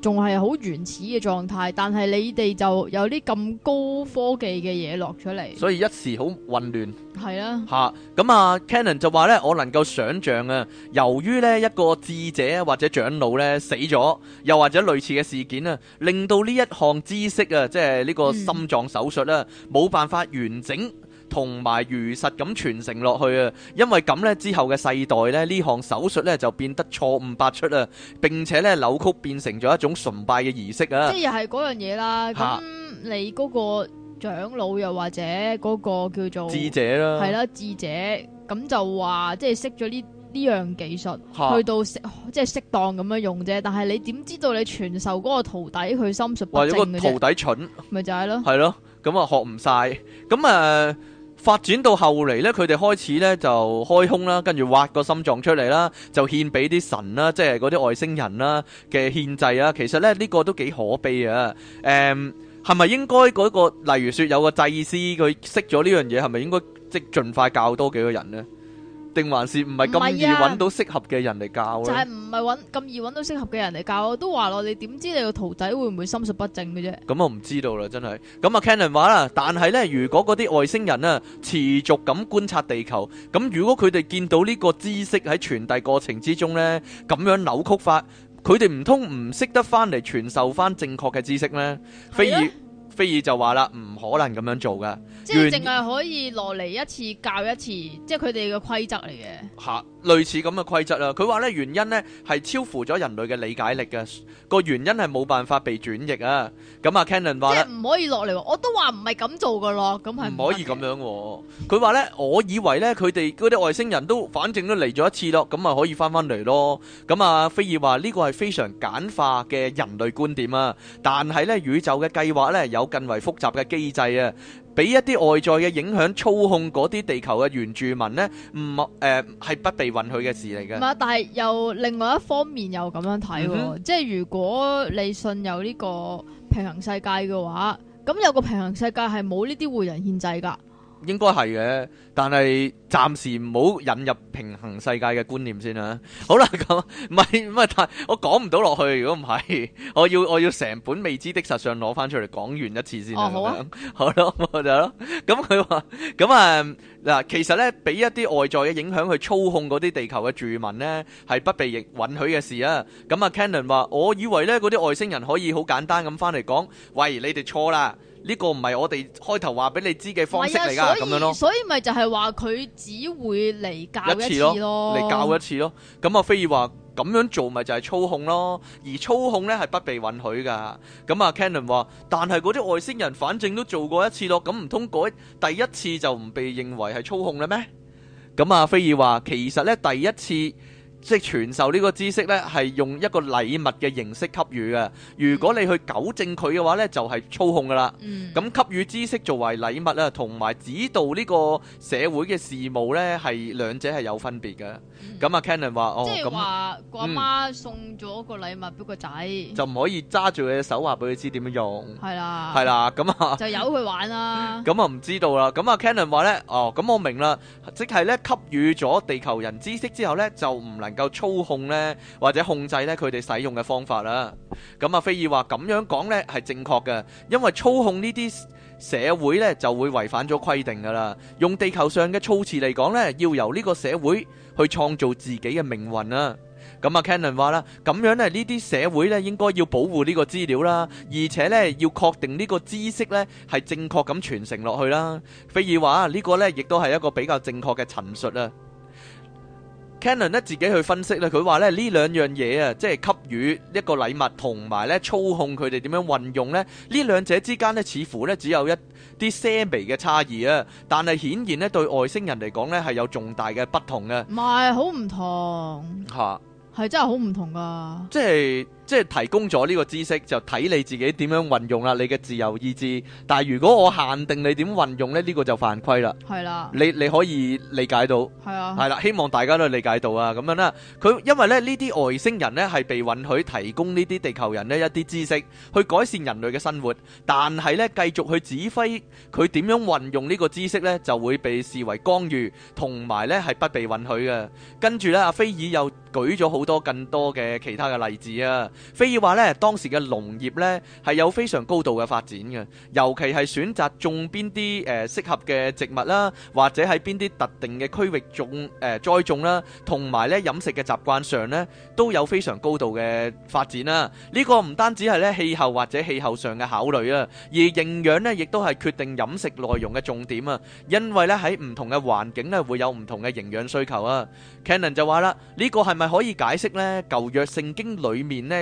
仲係好原始嘅狀態，但係你哋就有啲咁高科技嘅嘢落出嚟，所以一時好混亂。係啦、啊，嚇咁啊，Cannon 就話呢，我能夠想像啊，由於呢一個智者或者長老呢死咗，又或者類似嘅事件啊，令到呢一項知識啊，即係呢個心臟手術啦、啊，冇、嗯、辦法完整。同埋如實咁傳承落去啊，因為咁呢之後嘅世代呢，呢項手術呢就變得錯誤百出啊，並且呢扭曲變成咗一種崇拜嘅儀式啊。即係又係嗰樣嘢啦。咁你嗰個長老又或者嗰個叫做智者啦，係啦，智者咁就話即係識咗呢呢樣技術，啊、去到即係適當咁樣用啫。但係你點知道你傳授嗰個徒弟佢心術不正嘅？或者個徒弟蠢，咪就係咯，係咯，咁啊學唔晒。咁啊。發展到後嚟呢，佢哋開始呢就開胸啦，跟住挖個心臟出嚟啦，就獻俾啲神啦，即係嗰啲外星人啦嘅獻祭啊。其實呢呢、呢個都幾可悲啊。誒，係咪應該嗰、嗰個，例如說有個祭司佢識咗呢樣嘢，係咪應該即盡快教多幾個人呢？定還是唔係咁易揾到適合嘅人嚟教？唔係啊，就係唔係揾咁易揾到適合嘅人嚟教？都話咯，你點知你個徒弟會唔會心術不正嘅啫？咁我唔知道啦，真係。咁啊，Cannon 話啦，但係呢，如果嗰啲外星人啊持續咁觀察地球，咁如果佢哋見到呢個知識喺傳遞過程之中呢，咁樣扭曲法，佢哋唔通唔識得翻嚟傳授翻正確嘅知識咧？飛兒的。菲爾就話啦，唔可能咁樣做噶，即係淨係可以落嚟一次教一次，即係佢哋嘅規則嚟嘅。嚇，類似咁嘅規則啦、啊。佢話咧原因咧係超乎咗人類嘅理解力嘅，個原因係冇辦法被轉譯啊說。咁啊 Cannon 話咧，即係唔可以落嚟喎。我都話唔係咁做噶咯。咁係唔可以咁樣喎、啊。佢話咧，我以為咧佢哋嗰啲外星人都反正都嚟咗一次了咯，咁咪可以翻翻嚟咯。咁啊，菲爾話呢個係非常簡化嘅人類觀點啊，但係咧宇宙嘅計劃咧有。有更為複雜嘅機制啊，俾一啲外在嘅影響操控嗰啲地球嘅原住民呢，唔誒係不被、呃、允許嘅事嚟嘅。唔係，但係又另外一方面又咁樣睇，嗯、哼即係如果你信有呢個平行世界嘅話，咁有個平行世界係冇呢啲外人限制噶。應該係嘅，但係暫時唔好引入平衡世界嘅觀念先啦。好啦，咁唔係唔係，但係我講唔到落去。如果唔係，我要我要成本未知的實相攞翻出嚟講完一次先、哦、好咯、啊，咁佢話：咁啊嗱，其實咧，俾一啲外在嘅影響去操控嗰啲地球嘅住民呢係不被容允許嘅事啊。咁、嗯、啊，Cannon 話：我以為呢嗰啲外星人可以好簡單咁翻嚟講，喂，你哋錯啦。呢個唔係我哋開頭話俾你知嘅方式嚟㗎，咁樣咯。所以咪樣就係話佢只會嚟教，教一次咯，嚟教一次咯。咁啊，菲爾話咁樣做咪就係操控咯，而操控呢係不被允許㗎。咁啊，Cannon 話，但係嗰啲外星人反正都做過一次咯，咁唔通嗰第一次就唔被認為係操控咧咩？咁啊，菲爾話其實呢第一次。即係傳授呢個知識咧，係用一個禮物嘅形式給予嘅。如果你去糾正佢嘅話咧，就係操控噶啦。咁給予知識作為禮物咧，同埋指導呢個社會嘅事務咧，係兩者係有分別嘅。咁啊，Cannon 話，哦，即係話阿媽送咗個禮物俾個仔，就唔可以揸住佢嘅手，話俾佢知點樣用。係啦，係啦，咁啊，就由佢玩啦。咁啊，唔知道啦。咁啊，Cannon 話咧，哦，咁我明啦，即係咧，給予咗地球人知識之後咧，就唔能能夠操控呢，或者控制呢，佢哋使用嘅方法啦。咁啊，菲爾話，咁樣講呢係正確嘅，因為操控呢啲社會呢就會違反咗規定噶啦。用地球上嘅措辭嚟講呢，要由呢個社會去創造自己嘅命運啦。咁啊，Cannon 話啦，咁樣呢，呢啲社會呢應該要保護呢個資料啦，而且呢要確定呢個知識呢係正確咁傳承落去啦。菲爾話，呢個呢亦都係一個比較正確嘅陳述啊。Canon 自己去分析咧，佢話咧呢兩樣嘢啊，即係給予一個禮物同埋咧操控佢哋點樣運用呢，呢兩者之間咧似乎咧只有一啲些微嘅差異啊，但係顯然咧對外星人嚟講咧係有重大嘅不同嘅，唔係好唔同，嚇係、啊、真係好唔同噶，即係。即係提供咗呢個知識，就睇你自己點樣運用啦，你嘅自由意志。但係如果我限定你點運用呢？呢、呢個就犯規啦。係啦了，你你可以理解到。係啊了，係啦，希望大家都理解到啊。咁樣啦，佢因為咧呢啲外星人呢，係被允許提供呢啲地球人呢一啲知識，去改善人類嘅生活。但係呢，繼續去指揮佢點樣運用呢個知識呢，就會被視為干預，同埋呢係不被允許嘅。跟住呢，阿菲爾又舉咗好多更多嘅其他嘅例子啊。菲爾話咧，當時嘅農業咧係有非常高度嘅發展嘅，尤其係選擇種邊啲誒適合嘅植物啦，或者喺邊啲特定嘅區域種誒、呃、栽種啦，同埋咧飲食嘅習慣上咧都有非常高度嘅發展啦。呢、這個唔單止係咧氣候或者氣候上嘅考慮啊，而營養咧亦都係決定飲食內容嘅重點啊。因為咧喺唔同嘅環境咧會有唔同嘅營養需求啊。Cannon 就話啦，呢、這個係咪可以解釋咧舊約聖經裏面咧？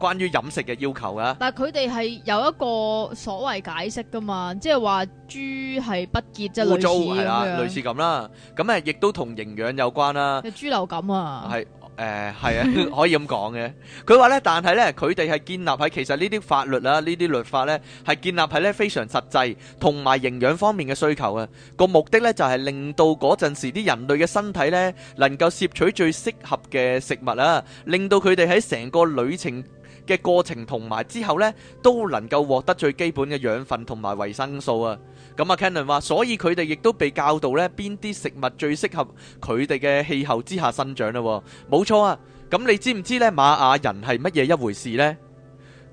關於飲食嘅要求啊，但係佢哋係有一個所謂解釋噶嘛，即係話豬係不潔，即係骯髒，類似咁、啊、類似咁啦、啊，咁咧亦都同營養有關啦、啊。豬流感啊是，係誒係啊，可以咁講嘅。佢話咧，但係咧，佢哋係建立喺其實呢啲法律啦、啊，呢啲律法咧係建立喺咧非常實際同埋營養方面嘅需求啊。個目的咧就係令到嗰陣時啲人類嘅身體咧能夠攝取最適合嘅食物啦、啊，令到佢哋喺成個旅程嘅過程同埋之後呢，都能夠獲得最基本嘅養分同埋維生素啊！咁啊，Cannon 話，所以佢哋亦都被教導呢邊啲食物最適合佢哋嘅氣候之下生長喎、啊。冇錯啊！咁你知唔知呢瑪雅人係乜嘢一回事呢？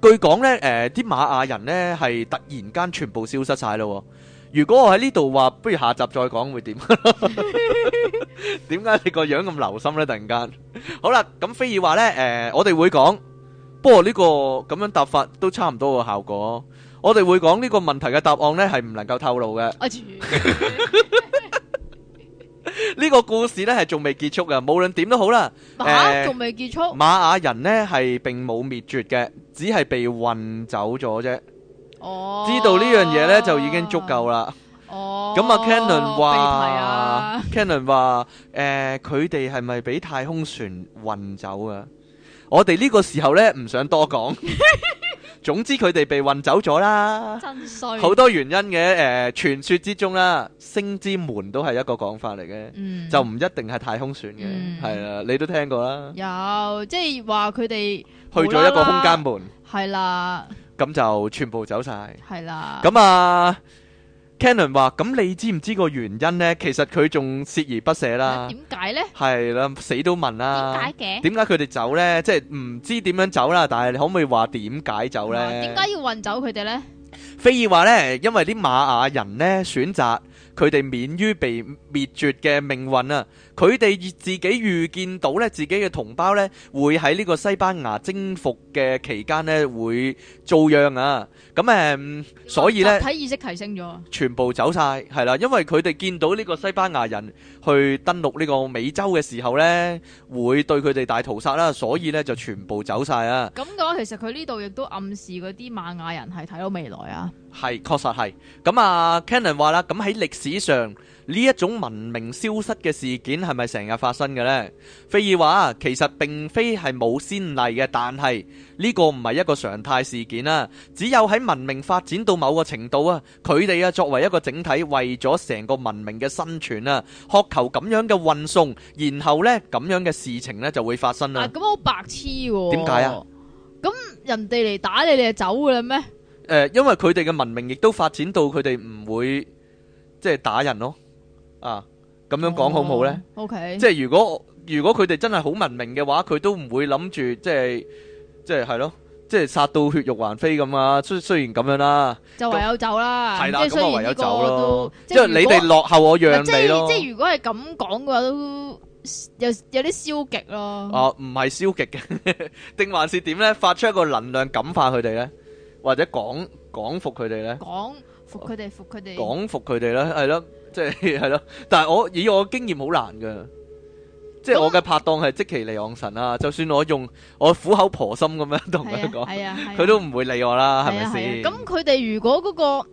據講呢、呃啲瑪雅人呢係突然間全部消失曬咯、啊！如果我喺呢度話，不如下集再講會點？點 解你個樣咁留心呢？突然間，好啦，咁菲爾話呢，呃、我哋會講。不過呢、這個咁樣答法都差唔多個效果，我哋會講呢個問題嘅答案咧係唔能夠透露嘅。呢個故事咧係仲未結束嘅，無論點都好啦。吓、啊，仲、欸、未結束？瑪雅人呢係並冇滅絕嘅，只係被運走咗啫。哦、知道呢樣嘢呢，就已經足夠啦。哦，咁啊 Cannon 話 Cannon 話，誒，佢哋係咪俾太空船運走啊？我哋呢個時候呢，唔想多講，總之佢哋被運走咗啦，真衰，好多原因嘅。誒，傳說之中啦，星之門都係一個講法嚟嘅，就唔一定係太空船嘅，係啦，你都聽過啦，有即係話佢哋去咗一個空間門，係啦，咁就全部走晒，係啦，咁啊。Canon 話：咁你知唔知個原因呢？其實佢仲鍥而不捨啦。點解呢？係啦，死都問啦。點解嘅？點解佢哋走呢？即係唔知點樣走啦。但係你可唔可以話點解走呢？點解、嗯、要運走佢哋呢？菲爾話呢，因為啲瑪雅人呢選擇佢哋免於被滅絕嘅命運啊！佢哋自己預見到咧，自己嘅同胞咧會喺呢個西班牙征服嘅期間咧會遭殃啊！咁誒，所以咧，集體意識提升咗，全部走晒，係啦，因為佢哋見到呢個西班牙人去登陸呢個美洲嘅時候咧，會對佢哋大屠殺啦，所以咧就全部走晒啊！咁嘅話，其實佢呢度亦都暗示嗰啲瑪雅人係睇到未來啊！係，確實係。咁啊，Cannon 話啦，咁喺歷史上。呢一種文明消失嘅事件係咪成日發生嘅呢？菲爾話：其實並非係冇先例嘅，但係呢個唔係一個常態事件啦。只有喺文明發展到某個程度啊，佢哋啊作為一個整體，為咗成個文明嘅生存啊，渴求咁樣嘅運送，然後呢咁樣嘅事情呢就會發生啦。咁好白痴喎！點解啊？咁人哋嚟打你，你就走噶啦咩？誒，因為佢哋嘅文明亦都發展到佢哋唔會即係打人咯。啊，咁樣講好唔好咧？O K，即係如果如果佢哋真係好文明嘅話，佢都唔會諗住即係即係係咯，即係殺到血肉橫飛咁啊！雖雖然咁樣啦，就唯有走啦。係啦，咁我唯有走咯。即係你哋落後，我讓你咯。即係即係，如果係咁講嘅話，都有有啲消極咯。哦，唔係消極嘅，定還是點咧？發出一個能量感化佢哋咧，或者講講服佢哋咧，講服佢哋服佢哋，講服佢哋啦，係咯。即係係咯， 但係我以我經驗好難噶，即係我嘅拍檔係即其嚟望神啊！ 就算我用我苦口婆心咁樣同佢講，佢、啊啊啊、都唔會理我啦，係咪先？咁佢哋如果嗰個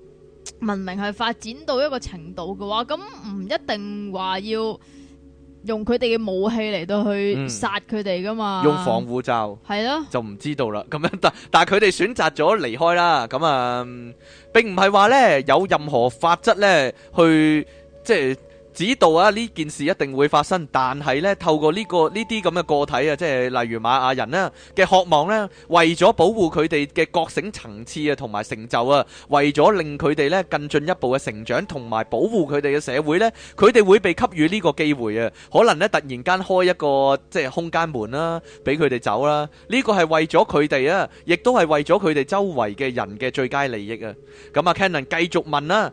文明係發展到一個程度嘅話，咁唔一定話要。用佢哋嘅武器嚟到去殺佢哋㗎嘛？用防護罩係咯，就唔知道啦。咁樣，但但係佢哋選擇咗離開啦。咁啊，並唔係話咧有任何法則咧去即係。指導啊！呢件事一定會發生，但係咧透過呢、這個呢啲咁嘅個體啊，即係例如瑪雅人啊嘅渴望咧，為咗保護佢哋嘅覺醒層次啊，同埋成就啊，為咗令佢哋咧更進一步嘅成長同埋保護佢哋嘅社會咧，佢哋會被給予呢個機會啊！可能咧突然間開一個即係空間門啦，俾佢哋走啦。呢個係為咗佢哋啊，亦都係為咗佢哋周圍嘅人嘅最佳利益啊！咁啊 Cannon 繼續問啦、啊。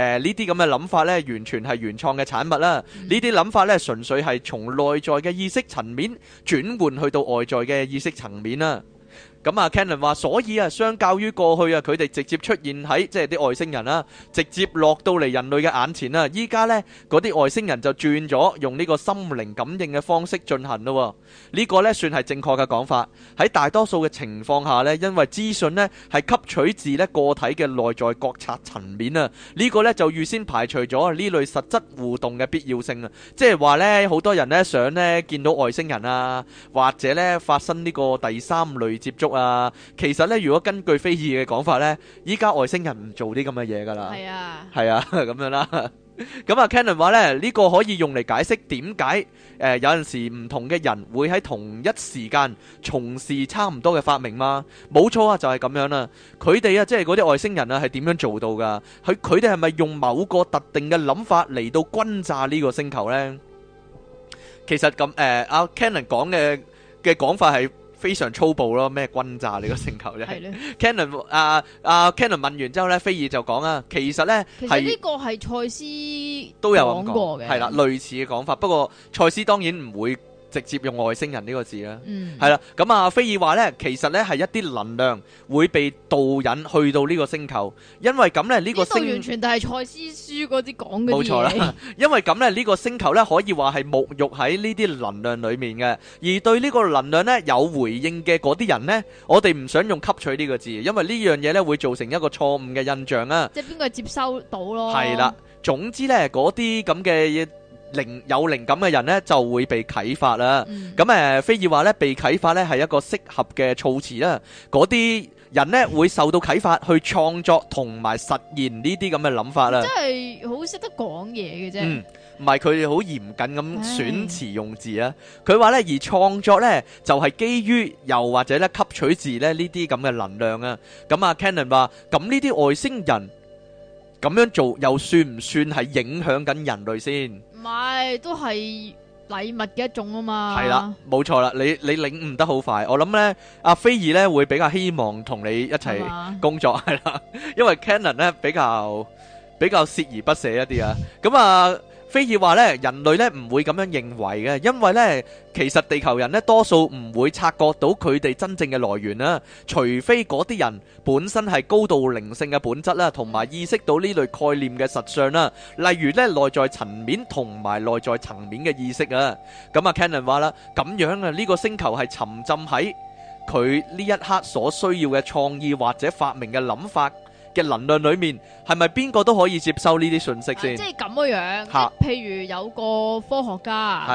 誒呢啲咁嘅諗法呢，完全係原創嘅產物啦。呢啲諗法呢，純粹係從內在嘅意識層面轉換去到外在嘅意識層面啦。咁啊，Canon 話，所以啊，相較於過去啊，佢哋直接出現喺，即係啲外星人啊，直接落到嚟人類嘅眼前啊，依家咧嗰啲外星人就轉咗用呢個心靈感應嘅方式進行咯。呢個咧算係正確嘅講法。喺大多數嘅情況下咧，因為資訊咧係吸取自咧個體嘅內在覺察層面啊，呢個咧就預先排除咗呢類實質互動嘅必要性啊。即係話咧，好多人咧想咧見到外星人啊，或者咧發生呢個第三類接觸。啊，其實咧，如果根據飛爾嘅講法咧，依家外星人唔做啲咁嘅嘢噶啦，係啊，係啊，咁樣啦。咁啊，Cannon 話咧，呢個可以用嚟解釋點解誒有陣時唔同嘅人會喺同一時間從事差唔多嘅發明嘛？冇錯啊，就係咁樣啦。佢哋啊，即係嗰啲外星人啊，係點樣做到噶？佢佢哋係咪用某個特定嘅諗法嚟到轟炸呢個星球咧？其實咁誒，阿 Cannon 講嘅嘅講法係。非常粗暴咯，咩軍炸你個星球咧？係咧，Cannon 啊啊，Cannon 問完之後咧，菲爾就講啊，其實咧，其實呢個係賽斯都有講過嘅，係啦，類似嘅講法，不過賽斯當然唔會。直接用外星人呢個字啦，嗯，係啦，咁啊，菲爾話咧，其實咧係一啲能量會被導引去到呢個星球，因為咁咧呢個星完全就係《賽斯書》嗰啲講嘅。冇錯啦，因為咁咧呢個星球咧可以話係沐浴喺呢啲能量裏面嘅，而對呢個能量咧有回應嘅嗰啲人咧，我哋唔想用吸取呢個字，因為呢樣嘢咧會造成一個錯誤嘅印象啊。即係邊個接收到咯？係啦，總之咧嗰啲咁嘅。靈有靈感嘅人呢就會被啟發啦。咁誒、嗯，菲爾話呢，被啟發呢係一個適合嘅措辭啦、啊。嗰啲人呢、嗯、會受到啟發去創作同埋實現呢啲咁嘅諗法啦、啊。真係好識得講嘢嘅啫，唔係佢哋好嚴謹咁選詞用字啊。佢話唉呢，而創作呢就係、是、基於又或者咧吸取字呢啲咁嘅能量啊。咁啊，Cannon 話咁呢啲外星人咁樣做又算唔算係影響緊人類先？唔係，都係禮物嘅一種啊嘛。係啦，冇錯啦，你你領悟得好快。我諗咧，阿菲兒咧會比較希望同你一齊工作，係啦吧， 因為 Canon 咧比較比較鍥而不捨一啲 啊。咁啊～菲爾話咧：人類咧唔會咁樣認為嘅，因為咧其實地球人咧多數唔會察覺到佢哋真正嘅來源啦，除非嗰啲人本身係高度靈性嘅本質啦，同埋意識到呢類概念嘅實相啦，例如咧內在層面同埋內在層面嘅意識啊。咁啊，Cannon 話啦，咁樣啊，呢個星球係沉浸喺佢呢一刻所需要嘅創意或者發明嘅諗法。嘅能量裏面係咪邊個都可以接收呢啲信息先？啊、即係咁樣，即係譬如有個科學家。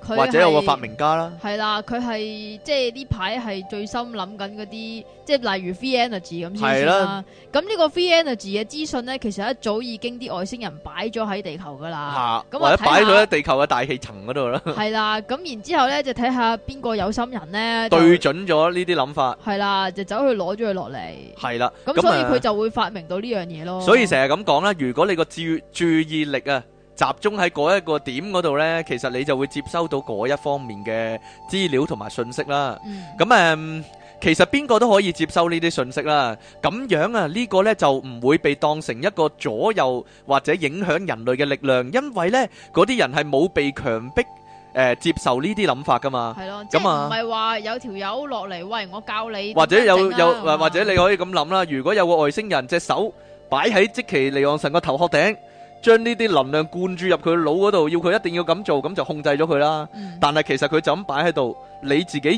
或者有個發明家啦，係啦，佢係即係呢排係最深諗緊嗰啲，即係例如 free energy 咁對啦 先啦，啊。咁呢個 free energy 嘅資訊咧，其實一早已經啲外星人擺咗喺地球噶，啊，啦。咁或者擺咗喺地球嘅大氣層嗰度啦。係啦，咁然之後咧就睇下邊個有心人咧對準咗呢啲諗法。係啦，就走去攞咗佢落嚟。係啦，咁所以佢就會發明到呢樣嘢咯，啊。所以成日咁講啦，如果你個注注意力啊。集中喺嗰一個點嗰度咧，其實你就會接收到嗰一方面嘅資料同埋信息啦。咁誒，其實邊個都可以接收呢啲信息啦。咁樣啊，呢個咧就唔會被當成一個左右或者影響人類嘅力量，因為咧嗰啲人係冇被強迫誒接受呢啲諗法㗎嘛。係咯，即係唔係話有條友落嚟，喂，我教你。或者有有或者你可以咁諗啦。如果有個外星人隻手擺喺積奇利昂神個頭殼頂。將呢啲能量灌注入佢腦嗰度，要佢一定要咁做，咁就控制咗佢啦。但係其實佢就咁擺喺度，你自己要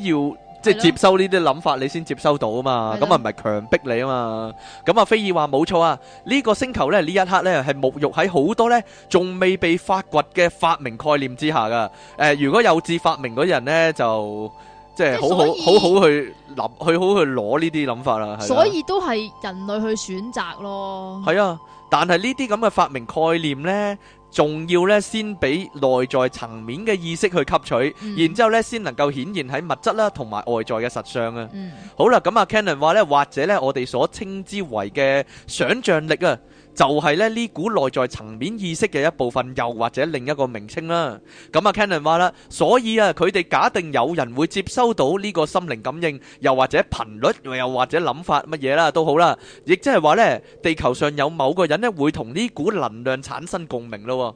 即係接收呢啲諗法，你先接收到啊嘛。咁啊唔係強迫你啊嘛。咁啊，菲爾話冇錯啊，呢個星球咧呢一刻咧係沐浴喺好多咧仲未被發掘嘅發明概念之下噶。誒，如果有志發明嗰啲人咧，就即係好好好好去諗，去好去攞呢啲諗法啦。所以都係人類去選擇咯。係啊。但係呢啲咁嘅發明概念呢，仲要呢先俾內在層面嘅意識去吸取，嗯、然之後呢先能夠顯現喺物質啦同埋外在嘅實相啊。嗯、好啦，咁啊，Cannon 話呢，或者呢我哋所稱之為嘅想像力啊。就係咧呢股內在層面意識嘅一部分，又或者另一個名稱啦。咁啊，Cannon 話啦，所以啊，佢哋假定有人會接收到呢個心靈感應，又或者頻率，又或者諗法乜嘢啦都好啦，亦即係話呢，地球上有某個人咧會同呢股能量產生共鳴咯。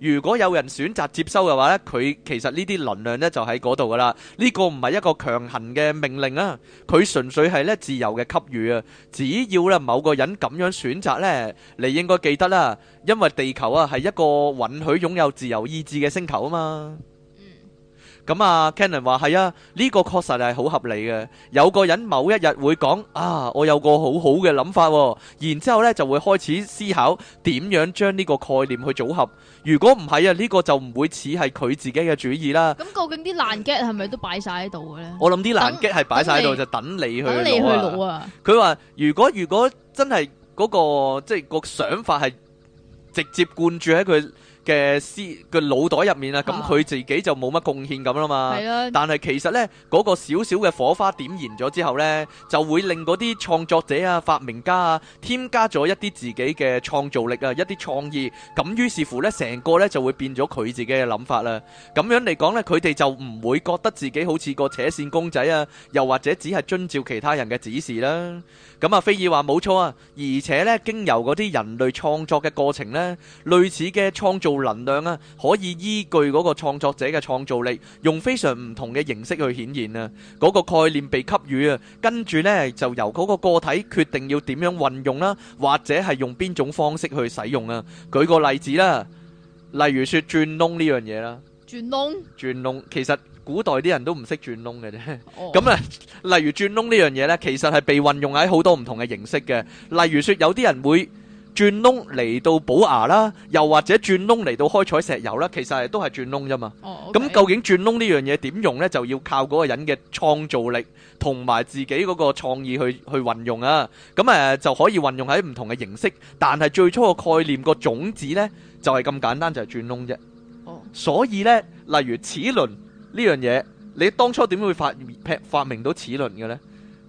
如果有人選擇接收嘅話呢，佢其實呢啲能量呢就喺嗰度噶啦。呢個唔係一個強行嘅命令啊，佢純粹係呢自由嘅給予啊。只要呢某個人咁樣選擇呢，你應該記得啦，因為地球啊係一個允許擁有自由意志嘅星球啊嘛。咁啊，Cannon 話係啊，呢個確實係好合理嘅。有個人某一日會講啊，我有個好好嘅諗法喎，然之後咧就會開始思考點樣將呢個概念去組合。如果唔係啊，呢個就唔會似係佢自己嘅主意啦。咁究竟啲難擊係咪都擺曬喺度嘅咧？我諗啲難擊係擺曬喺度，就等你去。等你去攞啊！佢話：如果如果真係嗰個即係個想法係直接灌注喺佢嘅思嘅腦袋入面啊，咁佢自己就冇乜貢獻咁啦嘛。啊、但係其實咧，嗰、嗰個小小嘅火花點燃咗之後咧，就會令嗰啲創作者啊、發明家啊，添加咗一啲自己嘅創造力啊、一啲創意。咁於是乎咧，成個咧就會變咗佢自己嘅諗法啦。咁樣嚟講咧，佢哋就唔會覺得自己好似個扯線公仔啊，又或者只係遵照其他人嘅指示啦。咁啊，菲爾話冇錯啊，而且咧經由嗰啲人類創作嘅過程咧，類似嘅創造。能量啊，可以依據嗰個創作者嘅創造力，用非常唔同嘅形式去顯現啊。嗰、嗰個概念被給予啊，跟住呢就由嗰個個體決定要點樣運用啦、啊，或者係用邊種方式去使用啊。舉個例子啦，例如說鑽窿呢樣嘢啦，鑽窿？鑽窿其實古代啲人都唔識鑽窿嘅啫。咁、oh. 啊，例如鑽窿呢樣嘢呢，其實係被運用喺好多唔同嘅形式嘅。例如說，有啲人會。轉窿嚟到補牙啦，又或者轉窿嚟到開採石油啦，其實都係轉窿啫嘛。咁、哦 okay、究竟轉窿呢樣嘢點用呢？就要靠嗰個人嘅創造力同埋自己嗰個創意去去運用啊。咁誒、呃、就可以運用喺唔同嘅形式，但係最初個概念個種子呢，就係、是、咁簡單，就係轉窿啫。哦、所以呢，例如齒輪呢樣嘢，你當初點會發明發明到齒輪嘅呢？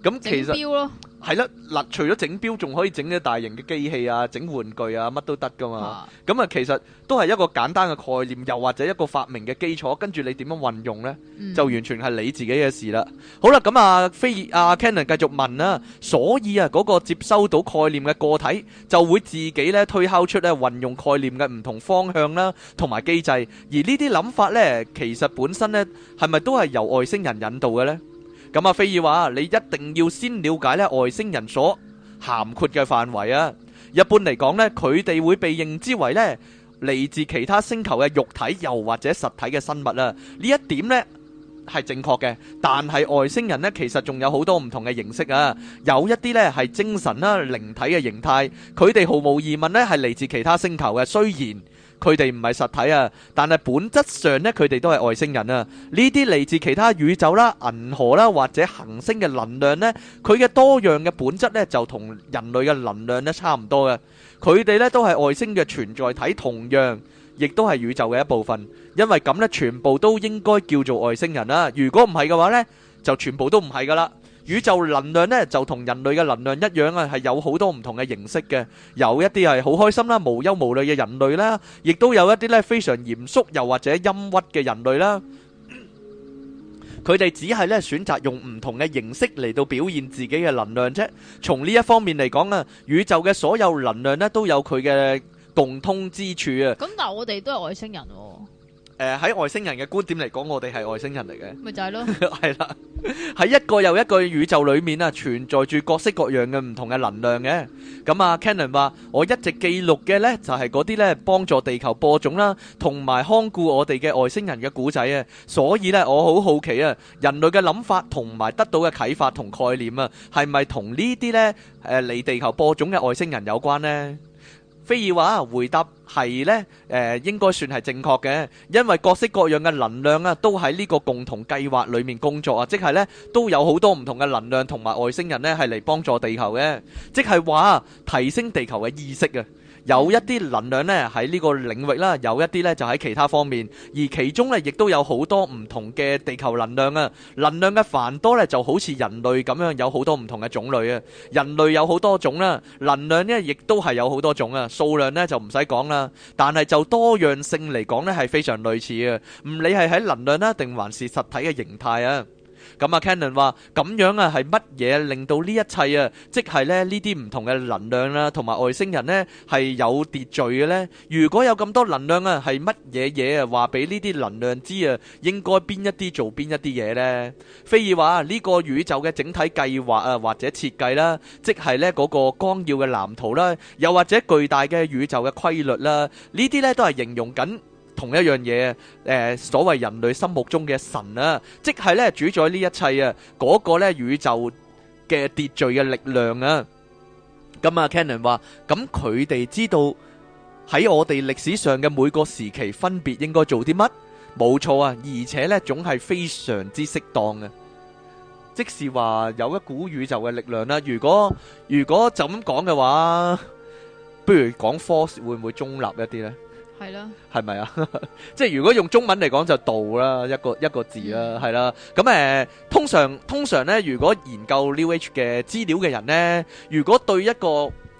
咁其實。係啦，嗱，除咗整表，仲可以整啲大型嘅機器啊，整玩具啊，乜都得噶嘛。咁啊，其實都係一個簡單嘅概念，又或者一個發明嘅基礎，跟住你點樣運用咧，就完全係你自己嘅事啦。好啦，咁啊，菲爾啊，Cannon 繼續問啦。所以啊，嗰個接收到概念嘅個體，就會自己咧推敲出咧運用概念嘅唔同方向啦，同埋機制。而呢啲諗法咧，其實本身咧，係咪都係由外星人引導嘅咧？咁啊，非爾話，你一定要先了解呢，外星人所涵括嘅範圍啊。一般嚟講呢，佢哋會被認知為呢，嚟自其他星球嘅肉體又或者實體嘅生物啊。呢一點呢係正確嘅，但係外星人呢，其實仲有好多唔同嘅形式啊。有一啲呢係精神啦、靈體嘅形態，佢哋毫無疑問呢係嚟自其他星球嘅，雖然。佢哋唔係實體啊，但係本質上呢，佢哋都係外星人啊！呢啲嚟自其他宇宙啦、銀河啦或者行星嘅能量呢，佢嘅多樣嘅本質呢，就同人類嘅能量呢差唔多嘅。佢哋呢都係外星嘅存在體，同樣亦都係宇宙嘅一部分。因為咁呢，全部都應該叫做外星人啦。如果唔係嘅話呢，就全部都唔係噶啦。宇宙能量呢就同人類嘅能量一樣啊，係有好多唔同嘅形式嘅，有一啲係好開心啦、無憂無慮嘅人類啦，亦都有一啲呢非常嚴肅又或者陰鬱嘅人類啦。佢哋只係呢選擇用唔同嘅形式嚟到表現自己嘅能量啫。從呢一方面嚟講啊，宇宙嘅所有能量呢都有佢嘅共通之處啊。咁但係我哋都係外星人喎。誒，喺外星人嘅觀點嚟講，我哋係外星人嚟嘅，咪就係咯，係啦。喺一個又一個宇宙裏面啊，存在住各式各樣嘅唔同嘅能量嘅。咁啊，Cannon 話：我一直記錄嘅呢，就係嗰啲呢幫助地球播種啦，同埋看顧我哋嘅外星人嘅古仔啊。所以呢，我好好奇啊，人類嘅諗法同埋得到嘅啟發同概念啊，係咪同呢啲呢誒，嚟地球播種嘅外星人有關呢？菲爾話：回答係呢，誒應該算係正確嘅，因為各式各樣嘅能量啊，都喺呢個共同計劃裏面工作啊，即係呢都有好多唔同嘅能量同埋外星人呢，係嚟幫助地球嘅，即係話提升地球嘅意識啊。有一啲能量呢喺呢個領域啦，有一啲呢就喺其他方面，而其中呢亦都有好多唔同嘅地球能量啊！能量嘅繁多呢就好似人類咁樣有好多唔同嘅種類啊！人類有好多種啦，能量呢亦都係有好多種啊！數量呢就唔使講啦，但係就多樣性嚟講呢係非常類似嘅，唔理係喺能量啦，定還是實體嘅形態啊！咁啊 Canon 話：咁樣啊，係乜嘢令到呢一切啊？即係咧，呢啲唔同嘅能量啦，同埋外星人呢係有秩序嘅呢？如果有咁多能量啊，係乜嘢嘢啊？話俾呢啲能量知啊，應該邊一啲做邊一啲嘢呢？菲爾話：呢個宇宙嘅整體計劃啊，或者設計啦，即係呢嗰個光耀嘅藍圖啦，又或者巨大嘅宇宙嘅規律啦，呢啲呢都係形容緊。同一樣嘢，誒所謂人類心目中嘅神啊，即係咧主宰呢一切啊，嗰個咧宇宙嘅秩序嘅力量啊。咁啊，Cannon 話，咁佢哋知道喺我哋歷史上嘅每個時期分別應該做啲乜？冇錯啊，而且咧總係非常之適當嘅。即是話有一股宇宙嘅力量啦。如果如果就咁講嘅話，不如講 Force 會唔會中立一啲咧？係啦，係咪啊？即係如果用中文嚟講就道啦，一個一個字啦，係啦。咁誒，通常通常咧，如果研究 New Age 嘅資料嘅人咧，如果對一個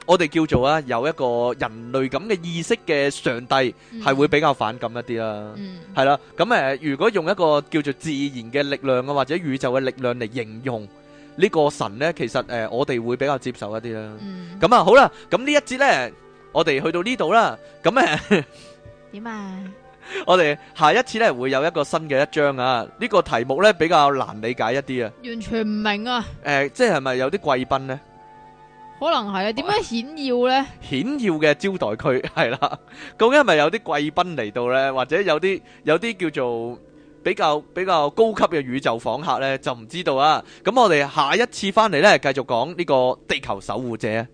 我哋叫做啊有一個人類咁嘅意識嘅上帝，係會比較反感一啲啦。嗯，係啦，咁誒，如果用一個叫做自然嘅力量啊，或者宇宙嘅力量嚟形容呢個神咧，其實誒，我哋會比較接受一啲啦。咁啊，好啦，咁呢一節咧。我哋去到呢度啦，咁誒，點啊？我哋下一次咧會有一個新嘅一章啊！呢個題目咧比較難理解一啲啊，完全唔明啊！誒，即係咪有啲貴賓咧？可能係啊？點樣顯要咧？顯要嘅招待區係啦，究竟係咪有啲貴賓嚟到咧？或者有啲有啲叫做比較比較高級嘅宇宙訪客咧？就唔知道啊！咁我哋下一次翻嚟咧，繼續講呢個地球守護者。